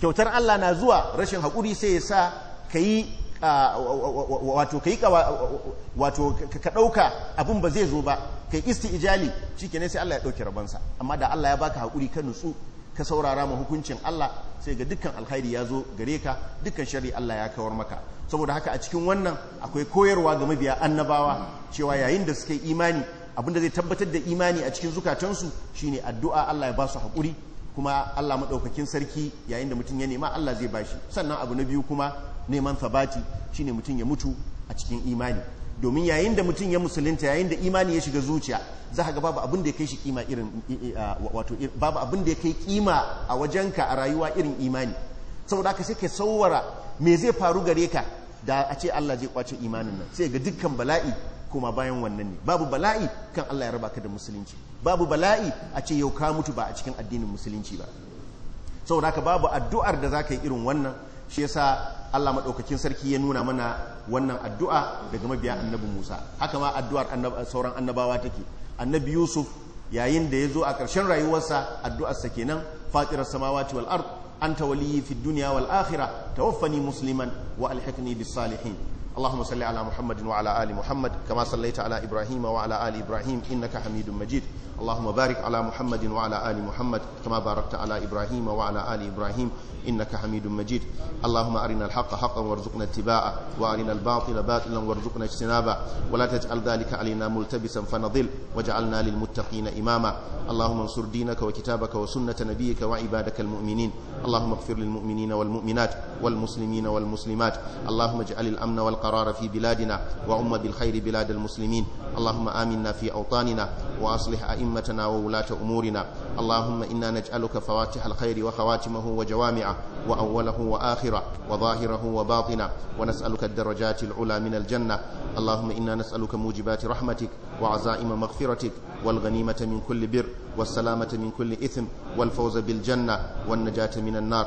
[SPEAKER 1] kyautar Allah na zuwa rashin haƙuri sai ya sa ka yi wato ka ɗauka abin ba zai zo ba ka yi isti ijali shi kenan sai Allah ya ɗauki rabonsa amma da Allah ya baka haƙuri ka nutsu ka saurara ma hukuncin Allah sai ga dukkan alkhairi ya zo gare ka dukkan shari Allah ya kawar maka saboda haka a cikin wannan akwai koyarwa ga mabiya annabawa cewa yayin da suka yi imani abinda zai tabbatar da imani a cikin zukatansu shine addu'a Allah ya ba su haƙuri kuma Allah maɗaukakin sarki yayin da mutum ya nema Allah zai bashi sannan abu na biyu kuma neman sabati shine mutum ya mutu a cikin imani domin yayin da mutum ya musulunta yayin da imani ya shiga zuciya za ka ga babu abin da ya kai shi kima irin wato babu abin da ya kai kima a wajenka a rayuwa irin imani saboda haka sai ka sauwara me zai faru gare ka da a ce Allah zai kwace imanin nan sai ga dukkan bala'i kuma bayan wannan ne babu bala'i kan Allah ya raba ka da musulunci babu bala'i a ce yau ka mutu ba a cikin addinin musulunci ba saboda haka babu addu'ar da zaka yi irin wannan shi yasa Allah madaukakin sarki ya nuna mana wannan addu'a daga mabiya annabi Musa haka ma addu'ar sauran annabawa take annabi Yusuf yayin da ya zo a ƙarshen rayuwarsa addu'ar sa kenan fatirar samawati wal ard anta waliyyi fid dunya wal akhirah tawaffani musliman wa alhiqni bis salihin اللهم صل على محمد وعلى آل محمد كما صليت على إبراهيم وعلى آل إبراهيم إنك حميد مجيد اللهم بارك على محمد وعلى آل محمد كما باركت على إبراهيم وعلى آل إبراهيم إنك حميد مجيد اللهم أرنا الحق حقا وارزقنا اتباعه وأرنا الباطل باطلا وارزقنا اجتنابه ولا تجعل ذلك علينا ملتبسا فنضل واجعلنا للمتقين إماما اللهم انصر دينك وكتابك وسنة نبيك وعبادك المؤمنين اللهم اغفر للمؤمنين والمؤمنات والمسلمين والمسلمات اللهم اجعل الأمن والقرار والقرار في بلادنا وعم بالخير بلاد المسلمين اللهم آمنا في أوطاننا وأصلح أئمتنا وولاة أمورنا اللهم إنا نجعلك فواتح الخير وخواتمه وجوامعه وأوله وآخره وظاهره وباطنه ونسألك الدرجات العلى من الجنة اللهم إنا نسألك موجبات رحمتك وعزائم مغفرتك والغنيمة من كل بر والسلامة من كل إثم والفوز بالجنة والنجاة من النار